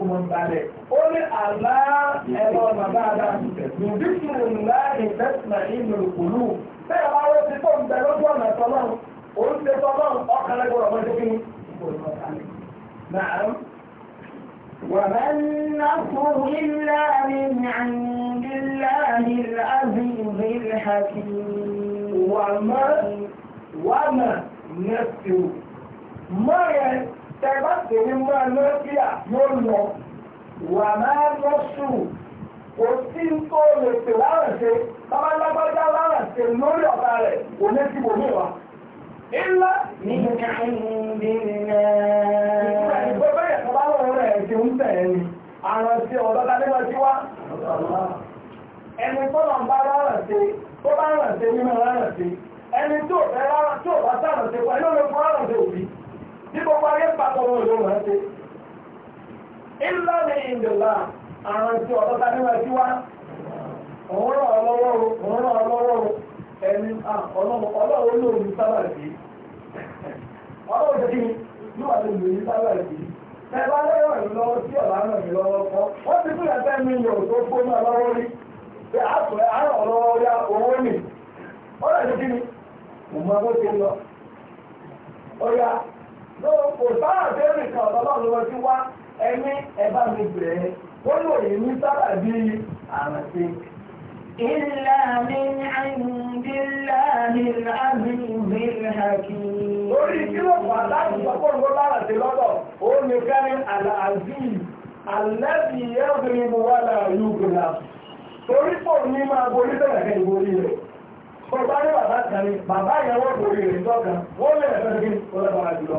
ó mọ̀ balẹ̀. Ó ní àlá ẹ̀rọ bàbá àdá. Ìdíkì ńlá ìfẹ́sìmọ̀ ìlú òkúlù. Bẹ́ẹ̀ bá wọ́n ti tó ń bẹ lójú ọ̀nà tọ́lọ́ òun ṣe tọ́lọ́ ọkàn lẹ́gbọ̀rọ̀ mọ́ ṣókí ní. ومن نصر إلا من عند الله العزيز الحكيم وما وما نصر ما يعني tẹ́gbà tó ní mọ́ lọ́síà yóò lọ wà máa lọ sùn kò sí tó lè pè lárànṣe bàbá lágbájá lárànṣe lórí ọ̀tá rẹ̀ kò ní sí bòmí wa. ńlá ní ìdílé ìgbẹ́ bẹ́ẹ̀ tó bá lọ́wọ́ rẹ̀ ti ń tẹ̀ ẹ́ ni àrànṣe ọ̀dọ́ta nígbà tí wá. ẹni tó lọ ń bá lárànṣe tó bá rànṣe nínú rárànṣe ẹni tó fẹ́ rárànṣe tó bá sàrànṣe pẹ̀lú olóko rárànṣe òbí. bí gbogbo ayé pàtó ụlọ ló máa ṣe ìlànà ìdìlà àrùn tí ọ̀dọ́ tàbí ọhụrụ sí wá òun ràn ọ́ lọ́wọ́ òun ràn ọ́ lọ́wọ́ ya ya ya kò sára àbẹ́rẹ́ kan ọ̀dọ́lọ́run lọ́wọ́ sí wá ẹni ẹ̀bá mi bẹ̀rẹ̀ wọ́n lò yìí ní sábà bí àrántí. إلا من عند الله العزيز الحكيم. lórí kí ló fà láti sọ pé òun lára sí lọ́dọ̀ ó ní kẹ́ni àlàáfíì àlẹ́bí yẹ́bìrì wàlà yúgùlà torí pò ní máa borí bẹ̀rẹ̀ kẹ́ ìborí rẹ̀ kò bá ní bàbá kan ní bàbá yẹn wọ́n borí rẹ̀ tọ́ka wọ́n lè rẹ̀ fẹ́ kí jùlọ.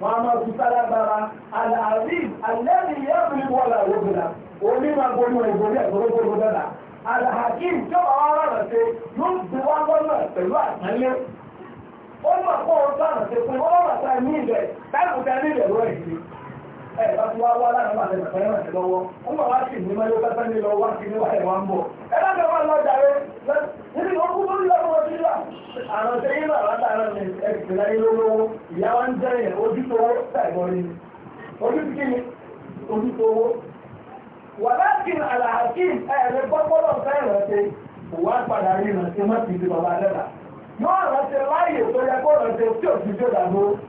wọn a máa fi sára gbára alaazim alẹ́ni yẹ́bùrì wọ́lá òwúrọ̀ òní máa gbóni wọn ìgbóni ẹ̀kọ́rọ́gbọ́n dọ́là alahakim jọba wa rárá ṣe yóò gbé wá lọ́nà pẹ̀lú àtàlé ó mọ̀ kó o sáà ṣe pé ó mọ̀ sáà ní ilẹ̀ táìpù tẹ́ ní ilẹ̀ lọ́ọ̀ ẹ̀ bá ti wá wá láàrin wà lẹ́nu fẹ́ràn ẹ̀ lọ́wọ́ wọ́n máa wá sí ìlú mẹ́lẹ́ pẹ́pẹ́ ní lọ wá sí ní wáyé wá ń bọ̀ ẹ láti wá lọ jàre níbi kan kú lórí ọmọ ọdún yìí wà àrùn tẹ yín bàbá tààrà ní ẹgbẹ̀rún láyé lọ́wọ́ ìyá wa ń jẹ́ yẹn ojú tó owó tàìbọ̀ ni ojú ti kíni ojú tó owó wà láti àlàákìm ẹ̀rẹ́ gbọ́gbọ́dọ̀ fẹ́ràn ṣe wà padà rí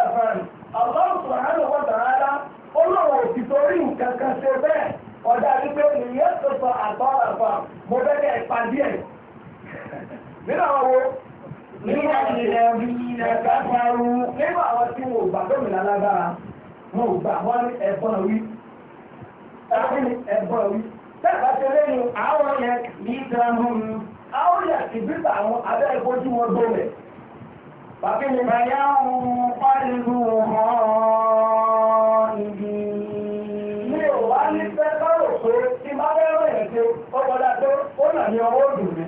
nǹkan kan ṣe bẹ́ẹ̀ ọ̀dà wípé nìyẹn tó sọ àgbà àgbà mo fẹ́ kẹ́ ìpàdé ẹ̀ nínú àwọn wo nínú àwọn ilẹ̀ ìlẹ̀ káfàrú nínú àwọn tí wọn ò gbà gómìnà lágbára wọn ò gbà wọn ní ẹ̀bọ̀n wí ẹ̀bọ̀n wí tẹ́gbà ṣe lẹ́nu yẹn mi ọ̀nà ní ọwọ́ dùn mí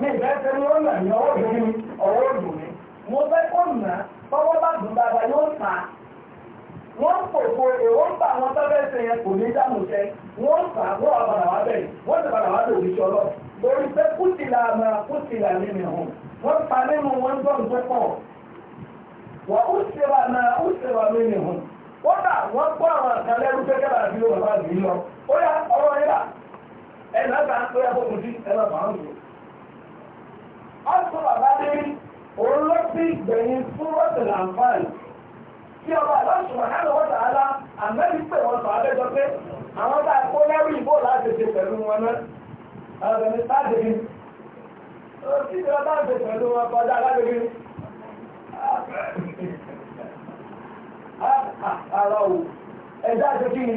mi ìfẹ́ ṣe ní ọ̀nà ní ọwọ́ dùn mí ọwọ́ dùn mí mo fẹ́ kó nà tọwọ́ bá dùn bàbá yóò ta wọ́n ń pòpò èrò ń bà wọn tọ́lẹ̀ ṣe yẹn kò ní dáhùn sẹ́ wọ́n ń fà wọ́n wà padà wá bẹ̀rẹ̀ wọ́n ti padà wá bẹ̀rẹ̀ òbí ṣọlọ́ lórí pé kùtìlà àmà kùtìlà nínú ẹ̀hún wọ́n pa nínú wọn ń dọ̀nù tó pọ̀ wọ́n ó ṣèwà náà ó ṣèwà nínú ẹ̀hún wọ́n dà wọ́n gbọ́ àwọn àkàlẹ́rú pé kẹ́lá àbí ló bàbá àbí lọ ó yà ọ̀rọ̀ yẹn ẹ lọ́gbà ń pé ẹkọ́ òjì ẹlọ́ máa ń lò. ọ̀sùn bàbá dé òun ló sí ìgbẹ̀yìn fún rọ́sìn àǹfààní tí ọba àlọ́sùn àhánà wọ́n tààlà àmẹ́rí pé wọ́n sọ abẹ́jọ pé àwọn bá kó lẹ́rù ìbò láti ṣe pẹ̀lú wọn náà. ọ̀rọ̀ mi sáà dèbí. òsì ìjọba bá ń ṣe pẹ̀lú wọn kọjá alábẹ́bí. ara ò ẹ̀dá ṣe kí ni.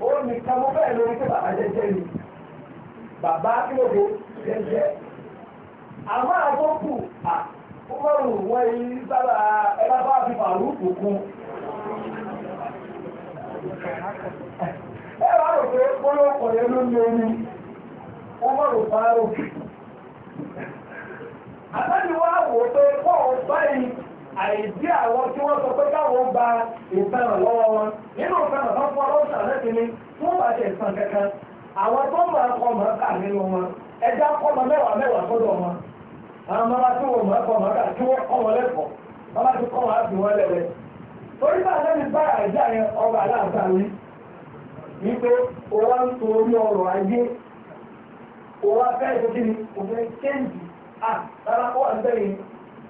ó nìkan mo bẹ́ẹ̀ lórí pé bàbá jẹ́jẹ́ ni bàbá kílódé jẹ́jẹ́ àmọ́ àtọ́kù à ó mọ̀rù wọ́n yìí sábà ẹ̀ka bá fi pàrọ̀ òkun. ẹ wá rò pé kóló kọ̀ọ̀yẹ́ ló ní omi ó mọ̀rù pàrọ̀. àtàlù wò pé báyìí. àìsí àwọn tí wọ́n sọ pé káwọn gba lọ́wọ́ wọn nínú ìtanràn tó fọ́ lọ́sàn án lẹ́sìn wọ́n bá ṣe ìtàn kankan àwọn tó máa kọ́ nínú wọn ẹja kọ́ mẹ́wàá mẹ́wàá sọ́dọ̀ wọn àwọn máa tí wọ́n tí wọ́n kọ́ wọn lẹ́kọ̀ọ́ wọ́n bá ti kọ́ wọn wọn torí bá lẹ́ni bá àìsí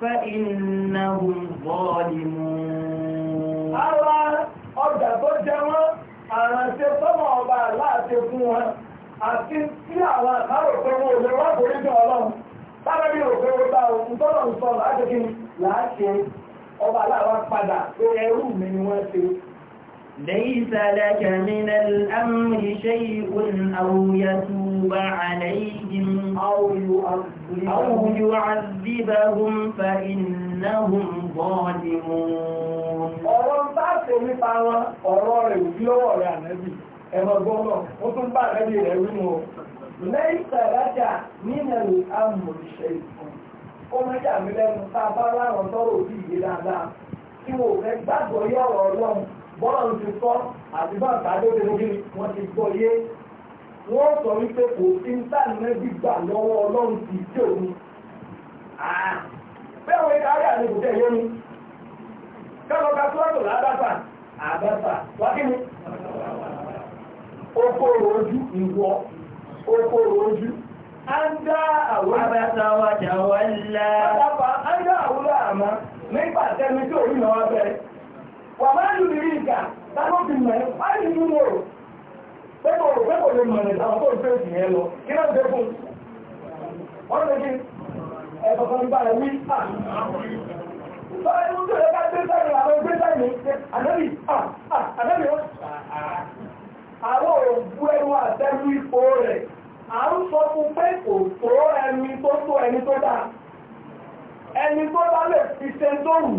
فإنهم ظالمون ara ọjà tó jẹ wọ́n àrànṣe tọ́mọ̀ ọba aláàṣẹ fún wọn àti tí àwọn àkárò pé wọ́n olè wọ́n kò jọ ọlọ́run tábẹ́ bá ohun tọ́lọ̀ ń sọ ليس لك من الأمر شيء أو يتوب عليهم أو يعذبهم فإنهم ظالمون ọ̀rọ̀ bá ṣe nípa wọn ọ̀rọ̀ rẹ̀ òbí lọ́wọ́ rẹ̀ ànẹ́bì ẹ̀mọ̀ gbọ́nà ó tún bá ànẹ́bì rẹ̀ wínú ọ lẹ́yìn tàbátà nínú àmọ̀ṣẹ́ ìfún ó mẹ́jà mi lẹ́nu tá a bá láwọn tọ́rọ̀ òbí yìí dáadáa tí mo fẹ́ gbàgbọ́ yọ̀rọ̀ ọlọ́run bọ́lá ń ti kọ́ àti bá àtàdé òdòdó ti gbọ́ yé wọ́n sọ wípé kò sí ń tà nínú gbígbà lọ́wọ́ ọlọ́run ti dé òun. bẹ́ẹ̀ wọ́n ká rí àlejò tẹ̀ yé mi kẹ́kọ̀ọ́ ká tọ́jú lábàtà àbàtà wákìní. okòrò ojú ìwọ okòrò ojú. Anda anda wà bá ní ìrírí ìgbà táwọn òbí mọ̀ ẹ́ wá ní ìlú mọ̀ rò pẹ́kọ̀ rò pẹ́kọ̀ lè mọ̀ rẹ̀ láwọn tó ń fẹ́ jù yẹn lọ kí náà dé fún wọ́n lè kí ẹ̀kọ́ kan bá rẹ̀ wí à lọ́wọ́ ẹ̀kọ́ tó yẹ ká gbé sẹ́yìn àwọn gbé sẹ́yìn àdébì à àdébì ó àwọn òbú ẹnu àtẹ́lú ipò rẹ̀ à ń sọ fún pé kò tó ẹni tó tó ẹni tó dáa ẹni tó bá lè fi ṣe tó wù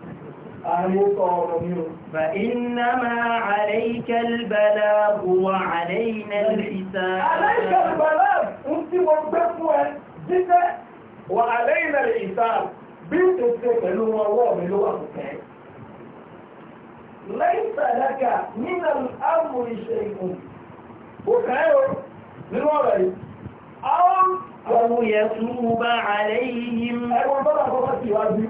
فإنما عليك البلاغ وعلينا الحساب عليك البلاغ أنت وبكوة جدا وعلينا الحساب بنت السكن الله من الله ليس لك من الأمر شيء وخير من ورد أو أو يتوب عليهم أي والبلاغ فقط يواجه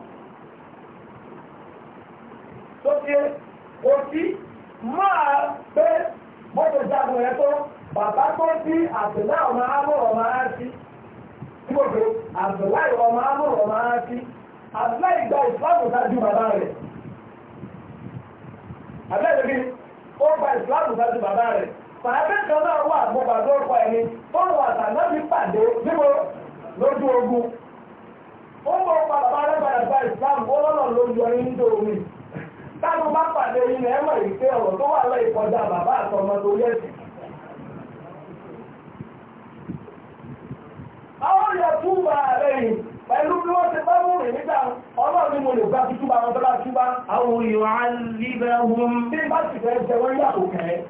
tó ṣe òsì máa pé mọ́tò jágun rẹ̀ tó bàbá tó sí àtìlá ọmọ amúrò ọmọ á sí gbogbo àtìlá ọmọ amúrò ọmọ á sí àtìlá ìgbà ìsìláàmù ṣáájú bàbá rẹ̀ àbẹ́rẹ́ bí ó gba ìsìláàmù ṣáájú bàbá rẹ̀ pàdé kan náà wà gbọ́gbà tó kọ ẹni tó wà tàná fi pàdé níbo lójú ogun ó mọ̀ pa bàbá rẹ̀ padà ìsìláàmù ó lọ́nà nítorí táwọn bá pàdé eme ẹ mọ̀ ìpé ọ̀rọ̀ tó wà bàbá àtọmọ tó yẹ sí. àwọn yẹ túbà rẹ̀ yìí pẹ̀lú bí wọ́n ti bá mú rìn nígbà ni mo lè gba túbà wọn tó bá túbà. àwọn bí bá sì fẹ́ jẹ wọ́n yà kò kẹ́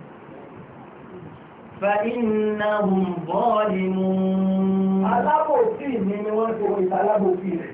Alábòsí mi ni wọ́n ti wọ ìta alábòsí rẹ̀.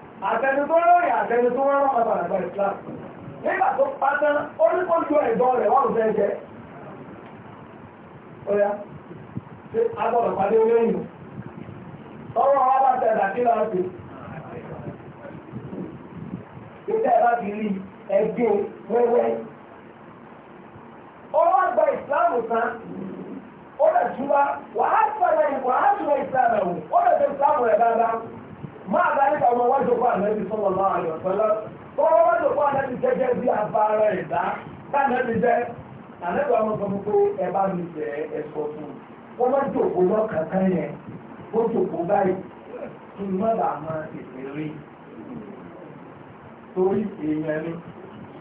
àtẹnudọ́rọ̀ rẹ̀ àtẹnudọ́rọ̀ ọ̀pàá àgbà islam nígbà tó pátá orípọ̀jú ẹ̀dọ́ rẹ̀ wọ́n fẹ́ jẹ́ ọ̀yá tí agbọ́dọ̀ pàdé lẹ́yìn ọ̀rọ̀ wa bá tẹ ẹ̀dà láti ìtẹ́ ẹ̀dá rí ẹgbẹ́ wẹ́wẹ́ ọwọ́ àgbà ìsìláàmù kan ó lè wàhálà ó máa darí ka ọmọ wájú fún ànábì sọ́wọ́ máa yọ̀ sọ́lá ọmọ wájú fún ànábì gẹ́gẹ́ bí abára ẹ̀dá tánàbì jẹ́ ànábì ọmọ sọ fún pé ẹ bá mi jẹ ẹ̀sọ́ fún wọn máa jòkó lọ́kàkán yẹn ó jòkó báyìí kí n má bàa máa tètè rí torí èèyàn ni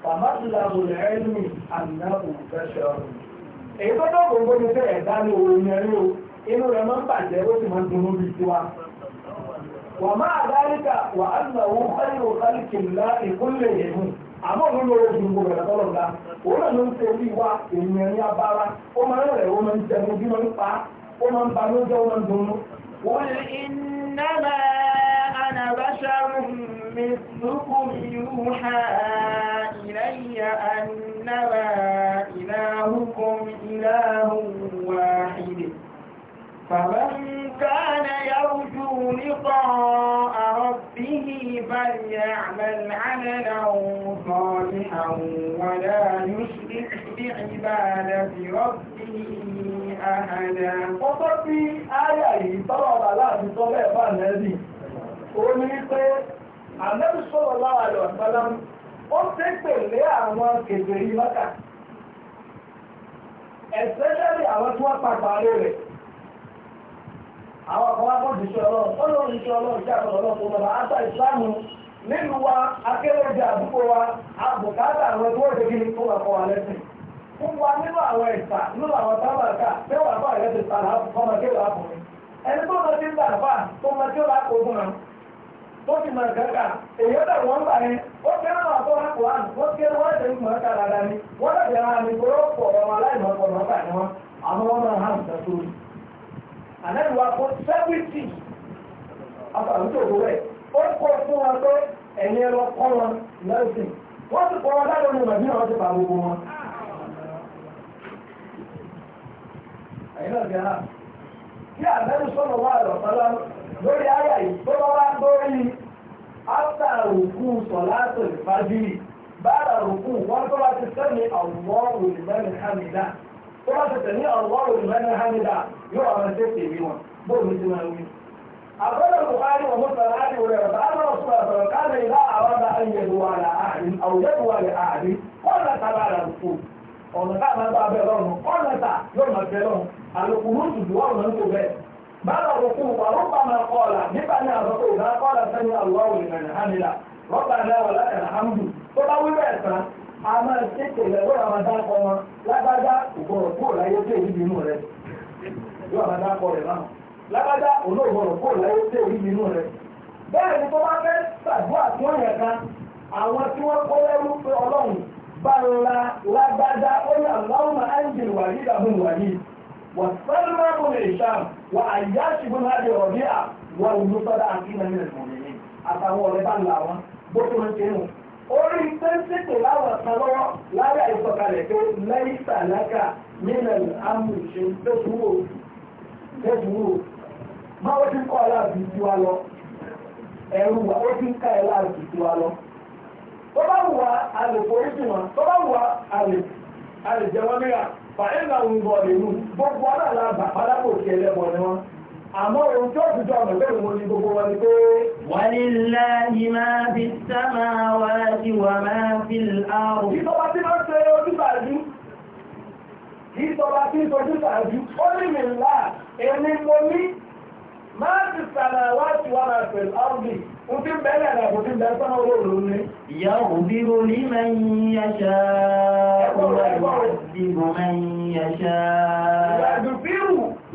bàbá ti la bòlẹ̀ ẹ́lùmí àná òfẹ́ṣẹ́ ọ̀rùn èyí tó dọ̀gbọ̀n gbọ́dọ̀ fẹ́ ẹ̀dá ni òun yẹn rí o inú rẹ̀ máa ń bàjẹ́ ó sì máa ń dunú bíi tiwa. ومع ذلك وأنه خير خلق الله كلهم àmọ́ òun ló rẹ̀ gbogbo rẹ̀ lọ́lọ́ ńlá òun náà ló ń ṣe orí wa ènìyàn ní abára ó máa ń rẹ̀ ó máa ń jẹun bí wọ́n ń pa ó máa ń ba ló jẹ́ ó máa ń dunnú. wọ́n innama ana basharun mithlukum yuha ilayya annama ilahukum ilahun wahid. فمن كان يرجو لقاء ربه فليعمل عملا صالحا ولا يشرك بعبادة ربه أحدا Ọkọ́ tí ayà yìí tọ́rọ ọ̀rọ̀ aláàbí tó bẹ́ẹ̀ bá ó àwọn ọ̀kan wá kọ́ ìṣẹ́ ọlọ́run ó lóun ìṣẹ́ ọlọ́run tí àtọ̀ ọlọ́run tó lọ́la àtà ìsìláàmù nínú wa akérèjà àdúgbò wa àbùkátà àwọn tó wọ́n ti tó wà kọ́ wa lẹ́sìn fún wa nínú àwọn ẹ̀sà nínú àwọn tábàkà pé wà fún àyẹ̀ ti sàrà ọmọ kí wà fún mi ẹni tó lọ sí ń dàgbà tó mọ kí wà kó fún mi tó ti mọ kẹ́kà èyí ó dàgbà ń yẹn ó kéré wọn àtọ́ wọn kò hàn wọ́n kéré wọn ṣe ń mọ̀ ẹ́ka dáadáa ni wọ́n dàgbà hàn ní kó yóò pọ̀ ọ̀rọ̀ aláìmọ̀kọ̀ ni wọ́n àwọn ọmọ hàn sẹ́kúrú àlẹ́rù wa kó sẹ́wìtì àtàwọn tó rẹ̀ ó kọ́ fún wa pé ẹ̀yìn ẹ̀rọ kọ́ wọn lẹ́sìn wọ́n ti kọ́ wọn láwọn ọmọ ìgbìmọ̀ wọn ti pa gbogbo wọn. àyínlẹ̀ bíi ara kí àlẹ́rù sọ̀rọ̀ wà lọ́sọ̀lá lórí ayà yìí tó bá wá lórí átàrùkù sọ̀látò ìfàjì bá àrùkù wọ́n tó wá ti sẹ́ni àwọn olùmọ̀lẹ̀ hàmìlá tó bá tẹ̀tẹ̀ ní ọ̀rọ̀wọ́rọ̀ ìmọ̀ẹ́nà hàmìdá yóò àwọn ẹ̀ṣẹ́ tèmi wọn bóò ní ti máa wí. àbọ̀dọ̀ bukari wọn mọ́sàlá á ní wọlé ọ̀tá á náà sọ àtọ̀rọ̀ káàlẹ̀ ìlà àwọn bá ń yẹ wà lá àárín àwùjẹ́ wà lẹ̀ àárín kọ́nà tá bá rà lùkù ọ̀nà tá máa bá bẹ̀ lọ́rùn kọ́nà tá yóò máa bẹ̀ lọ́rùn hàmìlá rọ́bà náà wà lákàlà tó bá wí bẹ́ẹ̀ a máa tètè lẹ́wọ́ àwọn adákọ̀ wọn lágbájá ògbọ̀rọ̀ kúrò láyé tó èyí nínú rẹ̀ yóò àwọn adákọ̀ rẹ̀ náà lágbájá olóògbọ̀rọ̀ kúrò láyé tó èyí nínú rẹ̀ bẹ́ẹ̀ ni tó bá fẹ́ ṣàdúrà tí wọ́n yẹn kan àwọn tí wọ́n kó lẹ́rú pé ọlọ́run bá ń la lágbájá ó ní àláwùmá áńjìl wà ní ìdàbùn wà ní wà sẹ́lúmọ́ bùn ìṣàm wà àyà ṣùgbọ́n láti ọ̀dí à wà òun ló sọ́dá àti ìmọ̀ nílẹ̀ mọ̀lẹ́yìn àtàwọn ọ̀rẹ́ bá ń la wọn bó tó ń orí pẹ́ńsẹ̀tì láwọn kan lọ́wọ́ ìsọ̀kalẹ̀ pé lẹ́yìnsà lákà nílẹ̀ amúṣe tẹ́búrò tẹ́búrò ó ti kọ́ aláàbí tí wa lọ ẹ̀rù wa ó ti ń ká lọ. tó bá wù wá a tó bá a náà ń bọ̀ nínú gbogbo aláàbà àmọ́ ohun tó àtijọ́ ọ̀nà pẹ̀lú wọn ni gbogbo wọn ni pé. walillahi máa fi sámà wá sí wà máa fi àrùn. kí tọ́ba tí máa ń ṣe ojúbàájú kí tọ́ba tí ó ní mi ńlá èmi mo ní máa fi sámà wá sí wà máa fi àrùn Òfin bẹ̀rẹ̀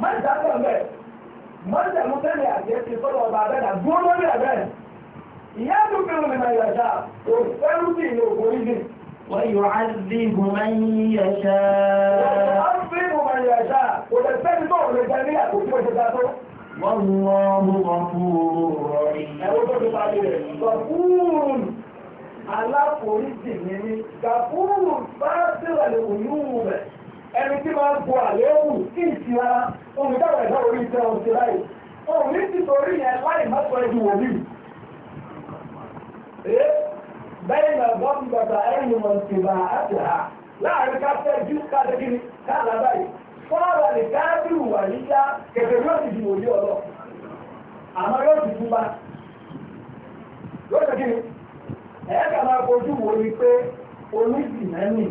má dábọ̀ bẹ́ẹ̀ mọ́tẹ̀ mú tẹ́lẹ̀ àjẹ́ ti sọ́dọ̀ ọba abẹ́dà dúró lórí ẹ̀bẹ́ ìyá tó kẹrù nìmọ̀ ìyàṣà òfẹ́rú sí ìlú òkú ìdí. wọ́n yóò á sí ìgbòmọ̀ wọ́n á sí ìgbòmọ̀ ìyàṣà wọ́n aláforíjì ní ní gàfúrùn bá sílẹ̀ lè ẹni tí máa ń bu àléébù kí ohun ìdáwọ̀ ẹ̀dá orí iṣẹ́ ohun láì ohun ní ti torí yẹn láì má sọ ẹni wòlíì. bẹ́ẹ̀ ni ti ẹ̀yìn mọ̀ sí bá a ti láàrin káfẹ́ kí ni báyìí fọ́ọ̀rọ̀ ìwà yíyá kẹfẹ́ yóò ti di wòlíì àmọ́ yóò ti yóò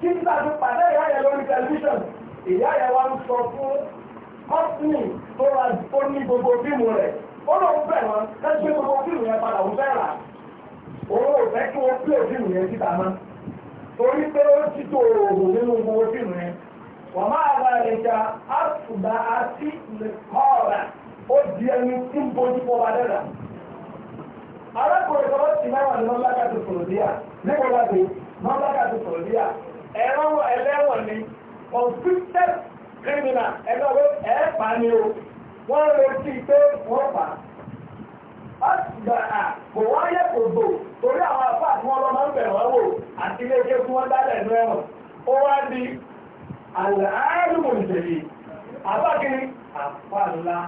títà tó pàdé ìyá yẹn lórí tẹlifíṣàn ìyá yẹn wá ń sọ fún kọ́pìnì tó ra ó ní gbogbo fíìmù rẹ̀ ó lóun fẹ́ wọn lẹ́sí pé gbogbo fíìmù yẹn padà òun fẹ́ rà òun ò fẹ́ kí wọ́n pè fíìmù yẹn síta mọ́ torí pé ó ti tó oògùn nínú gbogbo fíìmù yẹn wọ́n máa ra ẹja àtùgbà àti kọ́ọ̀rà ó di ẹni tí ń bójú fọ́ padà rà arákùnrin kan ó ti mẹ́wàá ní mọ́lákàtú sọ̀rọ̀ díà nígbà wá dé mọ́lákàtú sọ̀rọ̀ díà ẹ̀rọ ẹlẹ́wọ̀n ni convicted criminal ẹgbẹ́ ẹ̀ẹ́pà ni o wọ́n retí pé wọ́n pa ọ̀sùgbà kò wáyé kò gbò torí àwọn afá tí wọ́n lọ máa ń bẹ̀rẹ̀ wọ́n wò àti iléeṣẹ́ tí wọ́n dálẹ̀ ẹ̀nu ẹ̀wọ̀n ó wá di àlàárímù ìṣèlú àbákiri àpàlà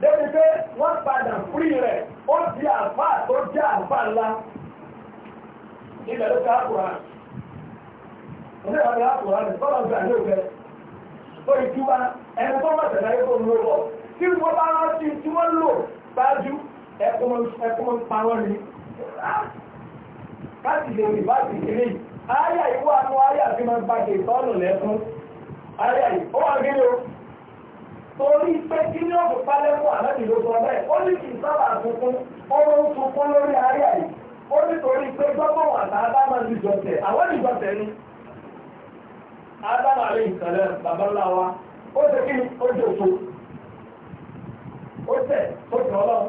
débi pé wọ́n padà fúri rẹ̀ ó di àfá tó jẹ́ àfá ibẹ̀ ló ká àkùrá òun náà lọ́dọ̀ bọ́lá ọ̀gbà ní òfẹ́ ó ìtúbá ẹni tó má tẹ̀lé ayé fóun ló tí wọ́n bá rántí tí wọ́n lò ṣáájú ẹkún pa ni láti lè rí láti kéré ayà ìwọ àánú ayà tí máa ń pàṣẹ ìtọ́nù lẹ́kún ayà yìí ó wà gẹ́gẹ́ torí pé kí ní ọ̀pọ̀ pálẹ́kùn àlẹ́ ìlú sọ bẹ́ẹ̀ ó ní kì í sábà tuntun ó ń sunkún lórí ayà yìí ó nítorí pé gbọ́gbọ́n wà ní Ádámà níjọsẹ̀ àwọn níjọsẹ̀ ni Ádámà lè ìsẹ̀lẹ̀ bàbá ńlá wa ó ṣe kí ó jẹ òfò ó tẹ̀ tó tẹ̀ ọlọ́run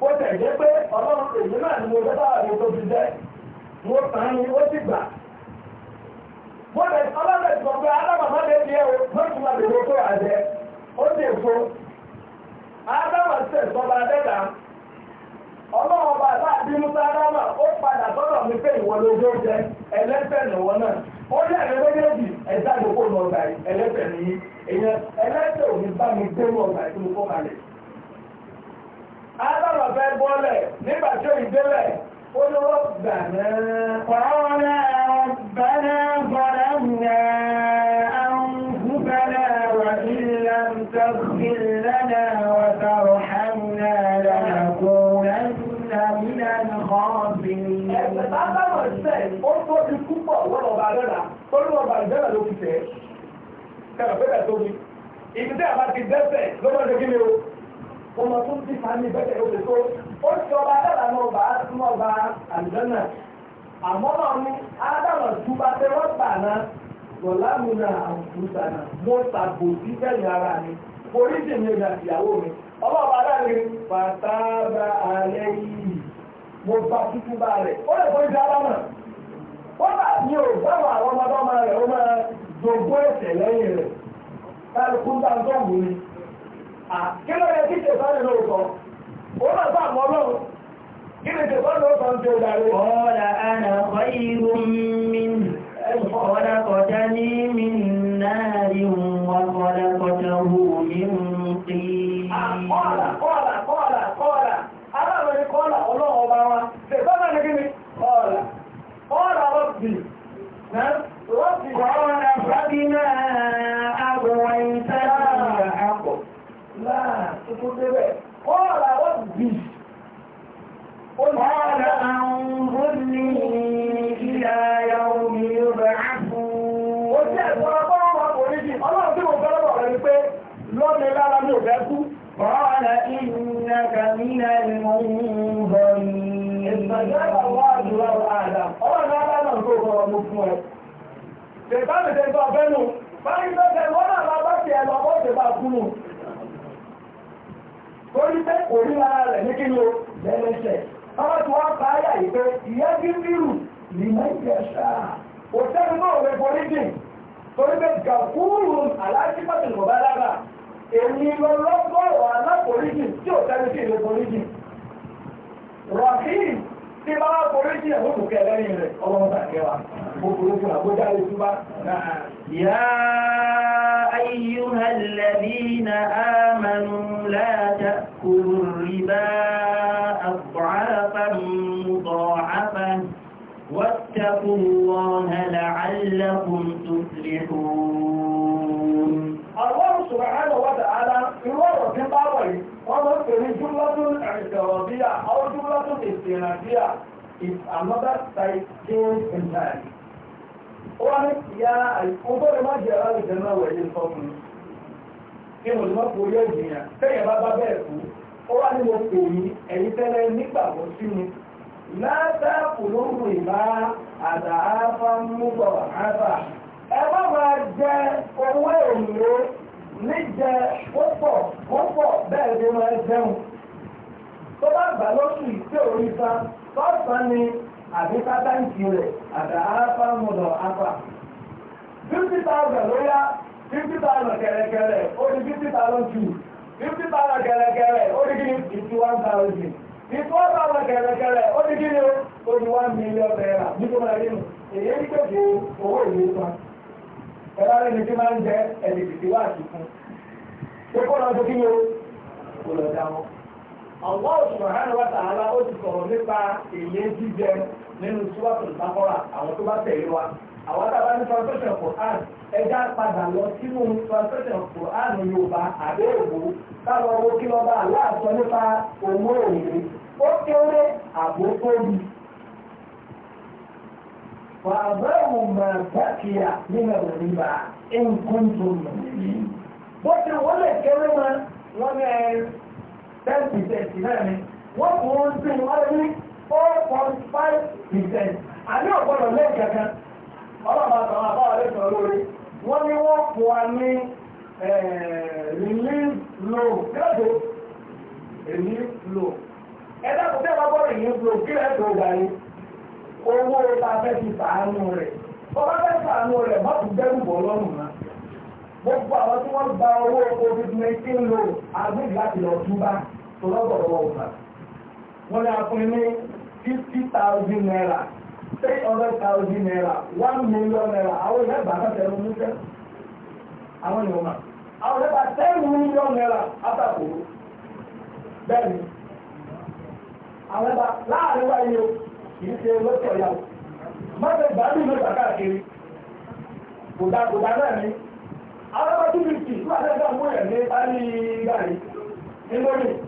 ó tẹ̀ jẹ́ pé ọlọ́run èyí náà ni mo dábàá àwọn tó fi jẹ́ mo tàn án ni ó sì gbà mo lè ọlọ́run ti sọ pé Ádámà má lè di ẹ̀ o lọ́sùn máa lè wo àjẹ ó sì fún Ádámà tẹ̀ sọ́ba dẹ́gbàá. ọlọ́wọ́ bá musa dábà ó padà tọrọ mi pé ìwọ ló jẹ́ jẹ ẹlẹ́fẹ̀ lọ́wọ́ náà ó yà méjèèjì ẹ̀dá àdókò ní ọgbà yìí ẹlẹ́fẹ̀ nìyí èèyàn ẹlẹ́fẹ̀ ò ní bá mi gbé ní ọgbà yìí mo kọ́ fẹ́ bọ́lẹ̀ ọ̀gbọ́n ọba adọ́là tó lọ́wọ́ ọba ìjọ́là ló fi tẹ̀ ẹ́ kẹrọ pẹ́pẹ́ tó ní ibi tẹ́ àbá ti dẹ́sẹ̀ lọ́wọ́ ṣe kí ni o ọmọ tó ti fa ní bẹ́tẹ̀ ó ti tó ó ti ọba adọ́là náà ọba mọ́ ọba àlùjọ́nà àmọ́ náà ní adọ́là tó bá tẹ́ wọ́n gbà náà lọ́lá mi náà àwùjọ náà mo ṣàbòsí fẹ́yìn ara mi oríṣi mi ìgbà ìyàwó mi ọlọ́ọ̀bá adáre pàtàkì alẹ́ yìí mo gba tuntun bá rẹ̀ ó lè fọ́ ìjà bá wọ́n ni ò ọmọdọ́mọ rẹ̀ ó máa dògbó ẹ̀sẹ̀ lẹ́yìn rẹ̀ kálukú dáńtọ́ ó bá kí ni tẹ̀sánì ló sọ ń tẹ òdàrí. kọ́lá àná kọ́ mi kọ́lá kọjá ní mi náà wọn kọ́lá kọjá wù mí ń aaaa aaaaaaụ ọara ụ eearaeaa a ọara ie aa hara ụa ọlọ́run adáná tó sọ̀rọ̀ mú fún ẹ. ṣèbáàmì tẹ gbọ́ ọ̀fẹ́ nù báyìí tó tẹ wọ́n náà bá ti ẹ̀ lọ́wọ́ ṣe bá kú nù. torí pé kò rí ara rẹ̀ ní kíni o lẹ́lẹ́sẹ̀. báwa tí wọ́n bá yà yìí pé ìyá kí bírù ní nàìjíríà kò sẹ́ni náà rẹ̀ borí dì torí pé gàkúrú aláàjì pàtàkì kò bá lára èyí lọ lọ́gọ́rọ̀ alákòrí dì tí ò sẹ́ni kí àbókùnkẹ́ lẹ́yìn rẹ̀ ọlọ́mọta kẹwàá gbogbo àbójá ìtúbá náà yá ayyúhà lẹ́bínà ámànù láàjá kúrò rìbá àbúráfàn mùbọ̀áfàn واتقوا الله لعلكم تفلحون الله سبحانه وتعالى يورو في بابي ومن في جملة اعتراضية أو جملة استنادية is another side changed entirely. Wọ́n ya ọgbọ́n rẹ̀ máa jẹ́ aláàrẹ̀ jẹ́ náà wẹ̀lé sọ́kùn. Kí mo lè máa kò yẹ ìjìyàn, tẹ́yẹ̀ bá bá bẹ́ẹ̀ kú, ó wá ní mo kò yí ẹ̀yìn tẹ́lẹ̀ nígbàgbọ́ sí mi. Látàkù lóru ìbá àdááfá ń mú bọ̀ àbá. Ẹ má máa jẹ owó èlò níjẹ púpọ̀ púpọ̀ bẹ́ẹ̀ ni máa jẹun. Tó bá gbà sọ́ọ̀sán ni àbí sátáǹkì rẹ̀ àtàràfà mọ̀dọ̀ afa fifty thousand ló yá fifty thousand kẹ̀rẹ̀kẹ̀rẹ̀ ó di fifty thousand two fifty thousand kẹ̀rẹ̀kẹ̀rẹ̀ ó di kí ni fifty one thousand ìtọ́ ọ̀pọ̀ kẹ̀rẹ̀kẹ̀rẹ̀ ó ní kíni ó ní one million naira nítorí ayé nù èyí ní kéde owó ìlú san ẹ̀rọ rẹ̀ ní kí máa ń jẹ ẹ̀dì tìtì wá àti fún àwọn subhanahu wa ta'ala ó ti sọ̀rọ̀ nípa èyí jíjẹ nínú suratul Baqara àwọn tó bá tẹ̀lé wa àwọn ní translation Quran ẹja padà lọ sínú translation Quran Yorùbá táwọn owó kí lọ́ba aláàtọ̀ nípa ó kéré Bó ti wọlé kéré ní ten percent náà ni wọ́n kò ń sí wọ́n rí four point five percent àní ọ̀gbọ́dọ̀ lẹ́yìn kankan ọlọ́pàá sọ̀rọ̀ àbáwọ̀ lẹ́sọ̀ lórí wọ́n ní wọ́n fún wa ní relief eh, loan kẹ́lẹ́dọ̀ relief loan ẹ̀dá kò tẹ́ ẹ bá gbọ́dọ̀ relief loan kí lẹ́sọ̀ ọgbà yìí owó ta fẹ́ ti sàánú rẹ̀ bọ́lá fẹ́ sàánú rẹ̀ má tún bẹ́rù bọ̀ lọ́rùn náà gbogbo àwọn tí wọ́n gba owó covid nineteen loan àgbègbè láti lọ túbá. tó lọ́gbọ̀gbọ̀ ọ̀gbà wọ́n ní akùnrin ní fifty naira three naira one naira àwọn ìyá ìbàdàn tẹ̀lé ọmọ níṣẹ́ àwọn ènìyàn mà àwọn ìyá ìbàdàn ten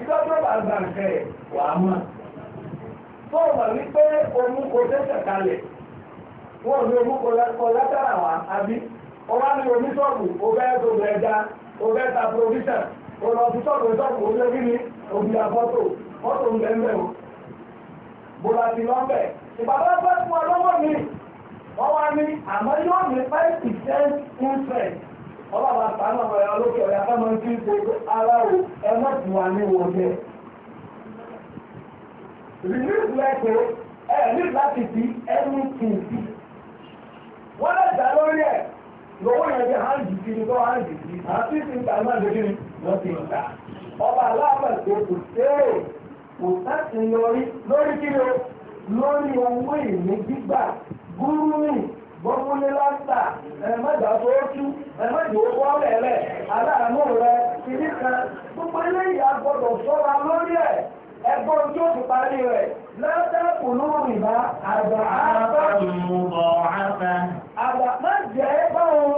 ìjọba bá gbà nǹkan ẹ̀ wà á mọ̀. fọ́ọ̀ mọ̀ wípé omi kò tẹ́sẹ̀ kalẹ̀ wọ́n ní omi kọ látara wa àbí ọba ní omi sọ́ọ̀bù ọbẹ̀ ẹ̀dọ́gbọ̀ ẹja ọbẹ̀ ta provision ọ̀nà ọ̀sùn sọ́ọ̀bù sọ́ọ̀bù ọjọ́ kí ni òbí àfọ́tò fọ́tò ń bẹ́ẹ̀ mẹ́wọ̀. bùrọ̀ àti lọ́bẹ̀ ìbàdàn fẹ́ fún ọlọ́wọ́ mi wọ́n wá ní àmọ́ yóò ní five percent interest ọlọ́ba àtàánà ọ̀rọ̀ ẹ̀rọ lókè ọ̀rẹ́ afẹ́ máa ń fi ṣe ara o ẹ má ti wà ní wòye. release lẹ́kọ̀ọ́ ẹ ní láti fi ẹni kìí wọ́n lè dá lórí ẹ̀ lọ́wọ́ yẹn bí hàǹdì sí ní lọ́wọ́ hàǹdì sí àti sí ń tàbí àjọ kí ni lọ́ ti ń ta. ọba aláàbẹ̀ tó kò sérè kò sáti yọrí lórí kí ni lórí owó ìní gbígbà gúrú gbọ́nmúlé láńtà ẹ̀mẹ́jà tó tú ẹ̀mẹ́jà owó ọ̀lẹ́lẹ̀ aláàánú rẹ̀ kìíní kan gbogbo eléyìí agbọ́dọ̀ sọ́ra lórí ẹ̀ ẹgbọ́n tí ó fi parí rẹ̀ lẹ́tẹ̀kù lórí ìbá àgbà àbá àgbà má jẹ́ báwọn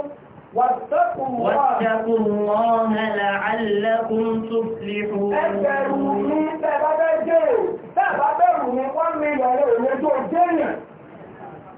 wàtẹ́kù wà. wàtẹ́kù wọn hẹlẹ̀ alẹ́kùn tó fi hù. ẹgbẹ̀rún ní bẹ́ẹ̀ bá bẹ́ẹ̀ jẹ́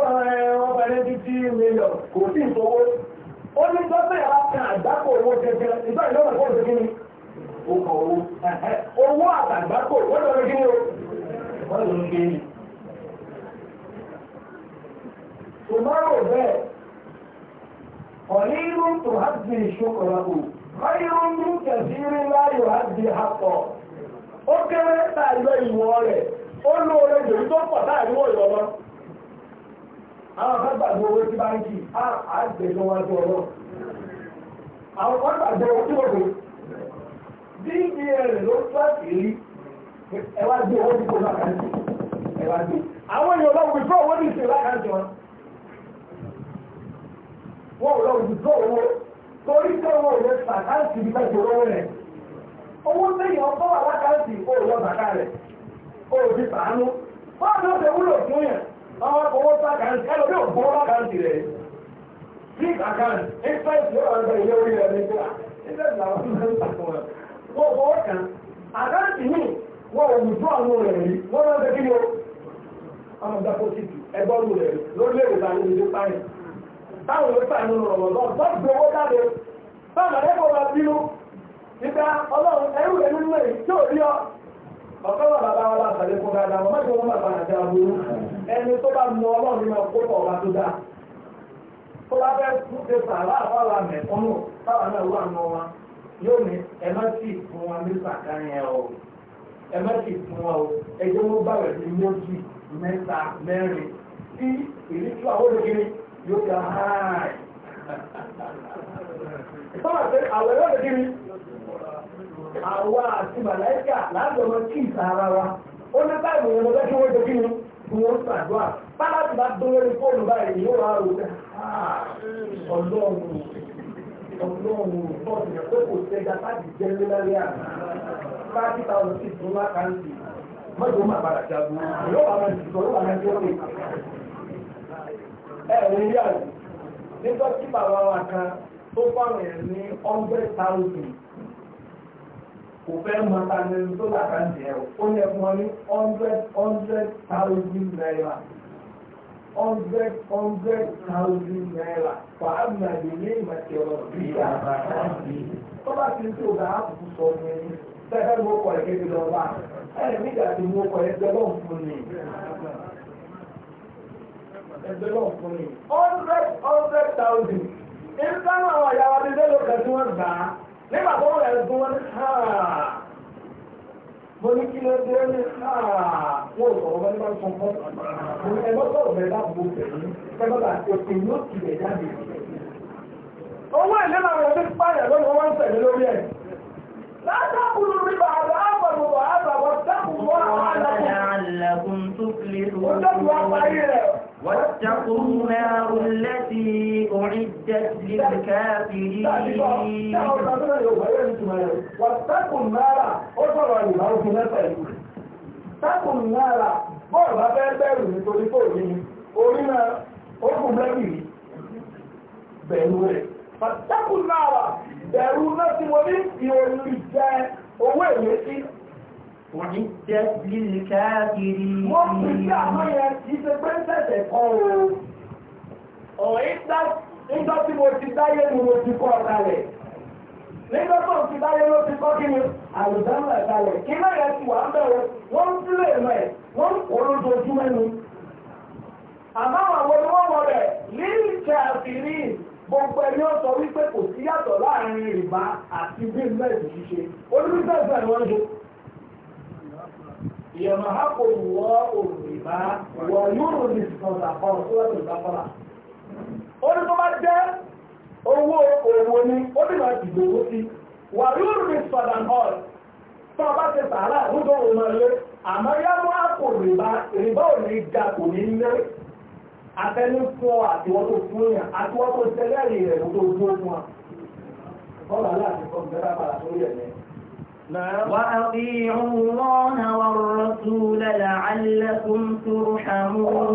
ọbẹ̀rẹ̀ ti tí mílíọ̀n kò sí ìṣòwò ó ní gbọ́sẹ̀ yàrá kan àgbákò owó jẹjẹ ìgbà ìlú ọ̀nà fọ́ọ̀sì kí ni owó owó àtàgbákò wọ́n lọ rí kí ni o wọ́n lọ rí kí ni. tòmárò bẹ́ẹ̀ ọ̀ní irú tó há di ìṣokòrò àbò báyìí ó ní kẹ̀sírí láyò há di àpọ̀ ó kéré tá a yọ ìwọ rẹ̀ ó lóore lòyún tó pọ̀ táà ní ọ̀yọ́ lọ. àwọn akágbàgbọ́ owó tí báńkì àgbẹ̀jọ wọn tó ọlọ́ àwọn akágbàgbọ́ owó tí wọ́n ló tó gbé owó tí kò sí gbé àwọn èèyàn lọ wùdúrọ̀ owó ní ìṣẹ̀lá jọ wọn lọ wùdúrọ̀ owó torí pé wọn ò sàkáǹtì bí lọ́wọ́ rẹ̀ owó ọgbọ́n ó lọ rẹ̀ ó báwọn kò wọ́n sáà bí òkú wọn rẹ̀ six account interest yóò ilé orí rẹ̀ ní kíra interest làwọn máa ń àkáǹtì míì wọ́n ò wùdú àwọn rẹ̀ rí wọ́n máa ń sẹ́kí ni ó àwọn dàpọ̀sìtì ẹgbọ́n ẹni tó bá mọ ọlọ́run náà kó pọ̀ ọba tó dáa tó bá fẹ́ tún ṣe sàrà táwa náà wà nù wọn yóò ní ẹ má sì fún ẹ o ẹ má sì fún wọn o ẹjọ́ ló bá ní méjì tí ìrítú àwọn yóò ga háàì. Sọ́wọ́n pé àwọn ẹ̀rọ àwa àti màláìkà kí wa ó ní báyìí kí wọ́n jẹ kí ni. ni wọ́n ṣàdúrà bára ti bá dúró lórí fóònù báyìí yóò wá rò pé ah, ọlọ́run ọlọ́run bọ́ọ̀sì yẹn pé kò sẹ́jà láti jẹ́ lélẹ́rẹ́ àná fáàtì táwọn sì tún wá káńtì mọ́jọ́ máa padà jagun yóò wá máa jùlọ yóò wá máa jẹ́ òkè. ẹ ẹ ní yàrá nígbà tí bàbá wa kan tó fáwọn ẹ̀ ní kò fẹ́ mọ tanẹnu tó làkà ń jẹ ó yẹ fún ọ ní hundred hundred thousand naira hundred hundred thousand naira fàámi àgbèlé ìmọ̀tẹ̀ ọ̀rọ̀ bí i àbá tó bá ti ń tó ga àkùkù sọ fún ẹni sẹ́fẹ́ mú ọkọ̀ ẹ̀kẹ́ ti lọ wá ẹ̀rẹ̀ nígbà tí mú ọkọ̀ ẹ̀kẹ́ lọ́n fún ni ẹgbẹ́ lọ́n fún ni hundred hundred thousand ìfẹ́ àwọn àyàwó adé lẹ́lọ́kẹ́ tí wọ́n gbà á nígbà tó rẹ̀ gún wọn háà mo ní kí ló dé ní háà wọn ò sọ̀rọ̀ bẹ́ẹ̀ bá ń sọ̀kọ́ ẹgbẹ́ sọ̀rọ̀ bẹ́ẹ̀ bá bò bẹ̀rẹ̀ ẹgbẹ́ bá òkè yóò ti bẹ̀ jáde. owó ìlé máa wọ sí pààyàn lórí wọn ń tẹ̀lé lórí ẹ̀. látàkùnrin rí bàbá àbọ̀dọ̀ bàbá àbàwọ̀ dákùnrin wọn àlàkùn. ó dẹ́kun wá واتقوا النار التي أعدت للكافرين واتقوا النار أصلا لله في نفسه اتقوا النار bọ́ọ̀ bá fẹ́ bẹ̀rù nítorí kò ní orí náà ó kù mẹ́rin bẹ̀rù rẹ̀ pàtàkùn náà bẹ̀rù náà tí mo ní ìròyìn jẹ owó èlé sí Òdíjẹ́ bí i káàkiri. Wọ́n fi sí àmọ́ yẹn kìí ṣe pé ṣẹ̀ṣẹ̀ kọ́ o. Ọ̀rẹ́ nígbà tí mo ti dáyé ni mo ti kọ́ ọ̀kalẹ̀. Nígbà tó ti dáyé ló ti kọ́ kí ni àlùdámà ẹ̀kalẹ̀. Kí náà yẹn ti wà ń bẹ̀rẹ̀, wọ́n ń sílé ìmọ̀ ẹ̀, wọ́n ń kó lójoojúmọ́ ni. Àmọ́ àwọn ni wọ́n wọ̀ rẹ̀ ní ìkàfìrí gbogbo ẹni ọ̀sọ̀ wípé kò sí yàtọ̀ láàrin ìbá àti bí mẹ́rin ṣíṣe. Olúbíṣẹ́ ìfẹ́ ni wọ́n ń ṣe. يمحق الله الربا ويربي الصدقات سورة البقرة ni ó ní láti gbòòrò sí wà yóò rí sọ̀dàn ọ وأطيعوا الله والرسول لعلكم ترحمون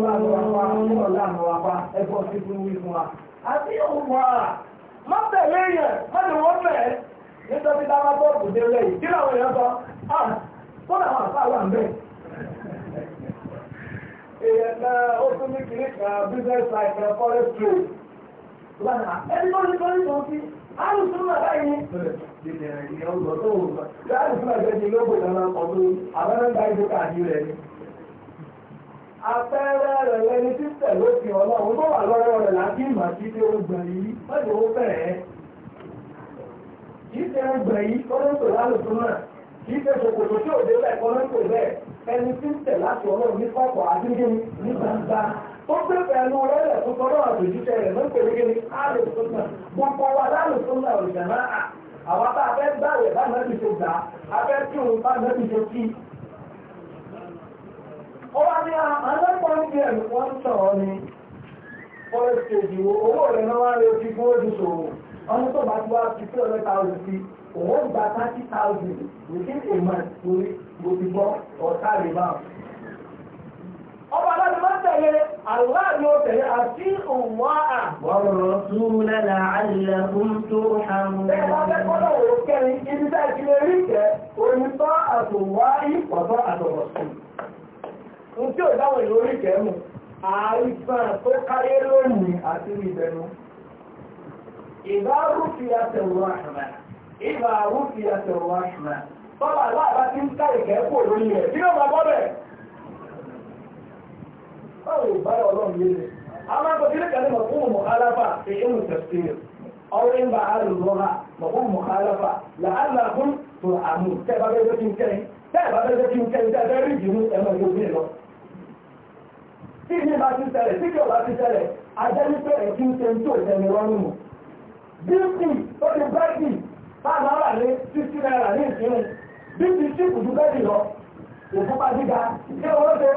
Má tẹ̀lé yẹn, má lè wọ́n mẹ́ nítorí dára bọ́ọ̀bù délé yìí, kí láwọn èèyàn sọ, ah, kó làwọn àfáà wà ń bẹ̀. Èèyàn náà ó tún ní kìí kan business like forest trade. Ẹni tó ní kọ́rí tó ń fi alùsùn apẹ́rẹ́ rẹ̀ lẹ́ni tí tẹ̀lé òfin ọlọ́run tó wà lọ́wọ́ rẹ̀ láti ìmọ̀ sí pé ó gbọ̀n yìí mọ́tò ó bẹ̀rẹ̀ kì í ṣe gbọ̀n yìí kọ́lọ́tò lálùsùn náà kì í ṣe ṣòkòtò tí òde bẹ́ẹ̀ kọ́lọ́tò bẹ́ẹ̀ ẹni tí tẹ̀ láti ọlọ́run ní ní gbangba ó gbé pẹ̀lú rẹ́lẹ̀ tó tọ́lọ́ àtòjúṣe rẹ̀ ló ń pè nígbè ní alùsùnà gbogbo wa lálùsùnà òjàmá à àwọn a fẹ́ gbàwẹ̀ bá nàbì tó gbà á fẹ́ kí òun bá nàbì tó kí. ó wá ní anápọ̀ ń bí ẹ̀mí wọ́n tàn ọ́ ni forest stage wo owó rẹ̀ náà wá lè fi fún ojú ṣòwò ọdún tó bá ti wá fi three hundred thousand sí òun gba thirty within a month lórí gbòdìbọ ọ̀tá rẹ̀ báwọn. ọba láti máa tẹ̀lé aláàrí a. n àìsàn tó káyé lónìí àti ìbẹnu. ìbá rúfi ń ká báwo ìbára ọlọ́run yé mi àmọ́ àgbà kílẹ̀ kan ní mọ̀ fún mọ̀kálàfà èyí ń tẹ̀sí ọ̀rọ̀ ń bá àrùn lọ́ra mọ̀ fún mọ̀kálàfà làálà fún tó àmú tẹ́ẹ̀ bá bẹ́ẹ̀ kí n kẹ́yìn tẹ́ẹ̀ bá bẹ́ẹ̀ kí n kẹ́yìn tẹ́ẹ̀ bẹ́ẹ̀ rí jùlọ ẹ̀mọ́ ìgbógun lọ. tí ní bá ti ṣẹlẹ̀ tí kí ọba ti ṣẹlẹ̀ ajẹ́ wípé ẹ̀kí ń ṣe ń tó ìtẹ̀mí rọ́nù mọ̀. bíbí ó ti bẹ́ẹ̀dì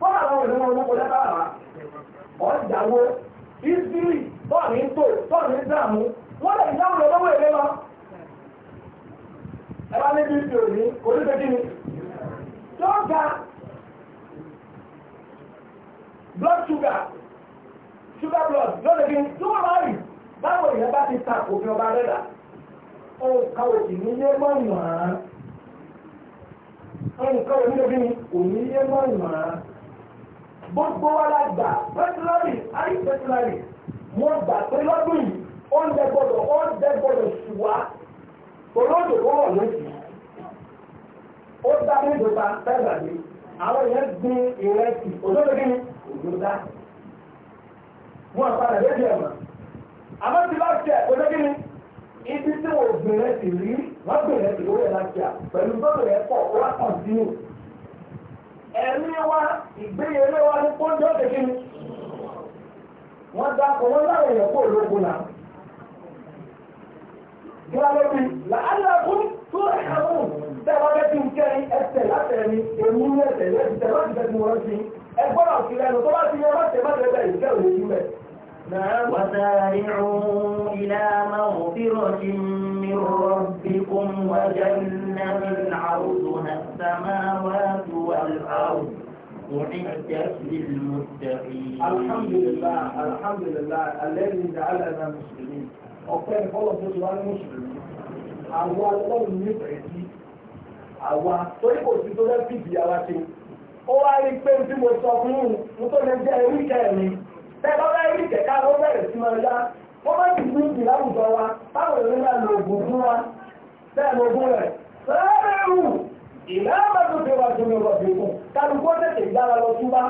fọ́nà àwọn òṣèlú wọn kò lẹ́bàá àmà ọ̀jáwó ìsírì tọ́ọ̀ní tó tọ́ọ̀ní dààmú wọ́n lè dáhùn lọ́wọ́ lọ ẹ̀bá níbi ìpè òní ni tó ga blood sugar sugar blood lọ́dẹ̀ kí tó wọ́n máa báwo ìyẹn bá ti ta òfin ọba ní yé án gbogbo wa la gbà pẹ́tùlárì àrí pẹ́tùlárì wọ́n gbà pé lọ́dún yìí ó ń dẹ́gbọ́dọ̀ ó ń dẹ́gbọ́dọ̀ sù wá olóòdò tó wọ̀ lóṣù ó dá méjọba fẹ́ẹ̀bà ní àwọn èèyàn gbin ìrẹsì olóòdò kí ni òjò dá wọn padà lójú ẹ̀mọ́ àmọ́ ti bá tẹ olóòdò kí ni ibi tí wọn gbin ìrẹsì rí wọn gbin ìrẹsì lórí ẹ̀ láti à yẹn pọ̀ wọ́n kàn sínú ẹ̀rí wa ìgbéyẹlé wa ní kóńjọ́ tètè ni wọ́n dá kọ́ wọ́n láwọn èèyàn kó ológun náà. Gíláwọ́bí làálà fún tó ẹ̀kọ́ tẹ́wọ́n bẹ́ẹ̀ ti ń kẹ́rin ẹsẹ̀ látẹ̀rin èmi ní ẹsẹ̀ lẹ́sìn tẹ́wọ́n ti bẹ́ẹ̀ ti wọ́n sí ẹgbọ́n àti lẹ́nu tó bá ti yẹ wọ́n tẹ̀ bá tẹ̀ bẹ́ẹ̀ òye yìí mẹ́. وسارعوا إلى مغفرة من ربكم وجنة عرضها السماوات والأرض أعدت للمتقين الحمد لله الحمد لله الذي جعلنا مسلمين وكان هو مسلم مسلم àwọn ọlọ́run nífẹ̀ẹ́ sí àwa torí kò sí tó lẹ́ fìdí ara ṣe ó wá rí pé tí mo sọ fún un mo tó lè jẹ́ eríkẹ́ mi tẹ́ bá bá eríkẹ́ ká ló bẹ̀rẹ̀ sí máa yá wọ́n bá ti fi ìdí láwùjọ wa táwọn èèyàn náà lo ògùn fún wa bẹ́ẹ̀ lo ògùn rẹ̀ rẹ́rù ìlànà tó fi wà tóbi ọ̀rọ̀ fi kù kálukú tètè yára lọ túbá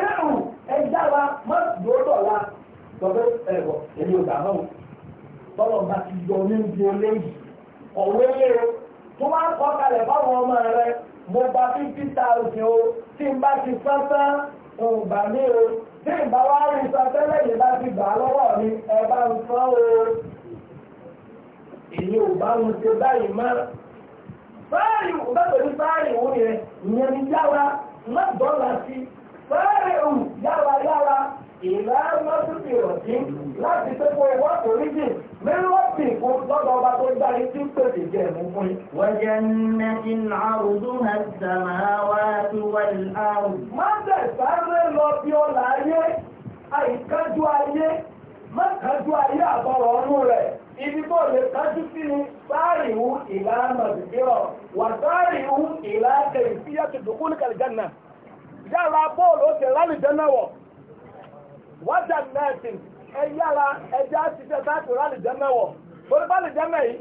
rẹ́rù ẹja wa má dòótọ̀ wa lọ́dọ̀ ẹ̀rọ èmi ò dàmọ́ o bọ́lọ̀ bá ti yọ ní ibi eléyìí ọ̀wé lé o tó bá kọ́ kalẹ̀ fáwọn ọmọ rẹ mo gba fifty thousand o tí n bá ti sánsán òǹgbà ní o. bí ìgbà wá rí sọ tẹ́lẹ̀ bá ti gbà lọ́wọ́ mi ń sọ o èyí ò bá ń ṣe báyìí mọ́ sáàrì ò bá sáàrì òun yẹn ìyẹn ni yára ìlà mọ́tòkì ọ̀tí láti tó kó wá oríjì mẹ́rọ́ọ̀tì fún lọ́dọ̀ ọba tó dá yín tí ń pèsè jẹ́ ẹ̀mú fún yín. wọ́jẹ́ nẹ́tí àrùdú ẹ̀sàmà wá sí wẹ́lì àrùn. má bẹ̀ sáré lọ bí ọ̀la ayé àìkájú ayé má kájú ayé àbọ̀rọ̀ ọ̀run rẹ̀ ibi tó lè kájú sí ni sáàrì hu ìlà mọ̀tòkì ọ̀ wà sáàrì hu ìlà kẹ̀yìn sí yàtọ̀ dùkú ní kàlìjánà yàrá bọ́ọ̀lù ó ti rálì jẹ́ náà wọ̀ wájà mẹ́ẹ̀sìn ẹ yára ẹja ṣiṣẹ́ sáàtì rà lè jẹ́mẹ́ wọ̀ torí bá lè jẹ́mẹ́ yìí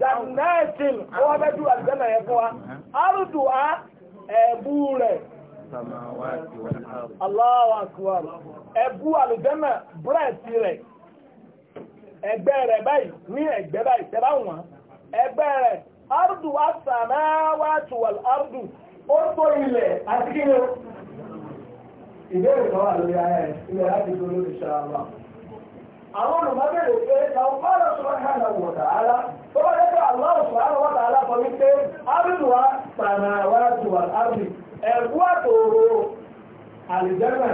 jannẹ́ẹ̀sìn wọ́n fẹ́ ju àlùjẹ́mẹ́ yẹn fún wa arúdù á ẹ̀bú rẹ̀ Allahu ẹ̀bú rẹ̀ ẹgbẹ́ rẹ̀ báyìí ní ẹgbẹ́ báyìí wọn ẹgbẹ́ ìbéèrè kan wà lórí ara ẹ̀ ilẹ̀ láti tó lórí ṣàlàmà. àwọn olùmọ́bẹ̀rẹ̀ pé àwọn fọ́ọ̀lọ́ sọ́kànlá wọ̀tà ara tó bá dẹ́kọ̀ aláwọ̀ sọ́kànlá wọ̀tà ara kan ní pé ábìlúwa tààmà wàrà tùwà ábì ẹ̀bú àtòrò àlìjẹ́nà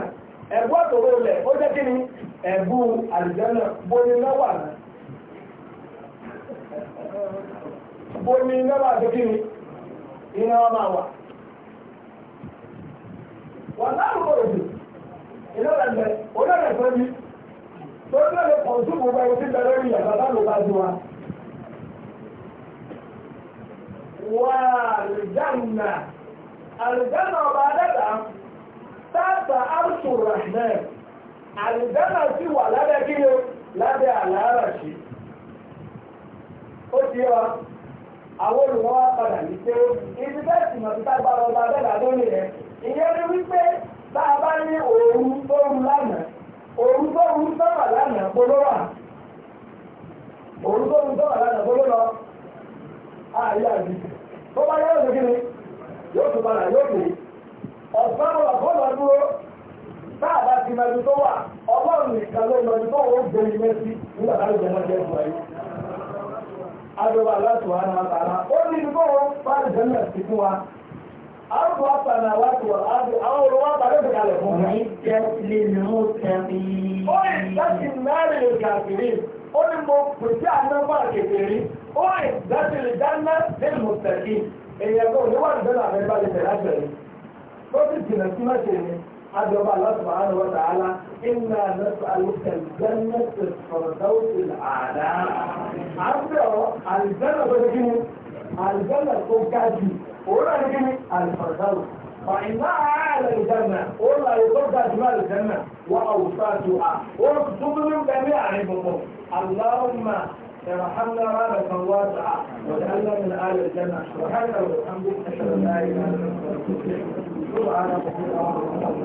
ẹ̀bú àtòrò lẹ̀ ó jẹ́ kí ni ẹ̀bú àlìjẹ́nà bóni lọ́wà náà bóni lọ́wà tó kí ni iná máa wà wọ́n láàrú kọ̀ọ̀dù ìlọ́lẹ̀lẹ̀ olóòlẹ̀fẹ́ mi tó lọ́lẹ̀ pọ̀ tó mú bá ẹtí bẹ̀rẹ̀ rí ẹ̀bá bá lò bá ju wa. wà àlùjáǹnà àlùjáǹnà ọba adẹ́ta táàtà arṣù rahman àlùjáǹnà sì wà lábẹ́ kíló lábẹ́ àlàáràṣì. ó ti yẹ wa àwọn olùwọ́n wa padà ní pé ibi bẹ́ẹ̀ sì mọ̀ sí tágbára ọba adẹ́ta lónìí rẹ̀ ìyẹn ni wípé bá a bá ní òru tó lánàá òru tó rú lánàá gbóló wà òru tó rú lánàá lọ ààyè àbí tó bá ni yóò tún padà yóò pè ọ̀sán wà dúró a bá ti mẹ́rin tó wà ọlọ́run nìkan ló mẹ́rin tó wọ́n gbé ní mẹ́sí nígbà tá a lè jẹ́ aláṣọ àná àtàrà ó ní ibi tó wọ́n bá lè jẹ́ أربع سماوات والأرض أو الوضع رزق عليكم وعدت للمتقين وعدت النار للكافرين قل المبتع نفع كثيرين وعدت الجنة للمتقين èyí ẹgbẹ́ òní wà nígbà náà mẹ́fà lè tẹ̀lé àṣẹ yìí tó ti jìnà sí má ṣe ni adọ́gba lọ́sùn àánú wọ́n tà á la iná lọ́sùn àlùkẹ́ ìjẹ́nà ti sọ̀rọ̀dáwó ti là àdá. à ń bẹ̀ ọ́ àlùjẹ́nà tó ti kí ni àlùjẹ́nà tó ga jù ولا نجيب الفردوس فإنها أعلى الجنة ولا يضد أجمال الجنة وأوساطها واكتب من جميع عبادهم اللهم ارحمنا رحمة واسعة واجعلنا من آل الجنة وحتى والحمد لله لا إله إلا أنت سبحانك اللهم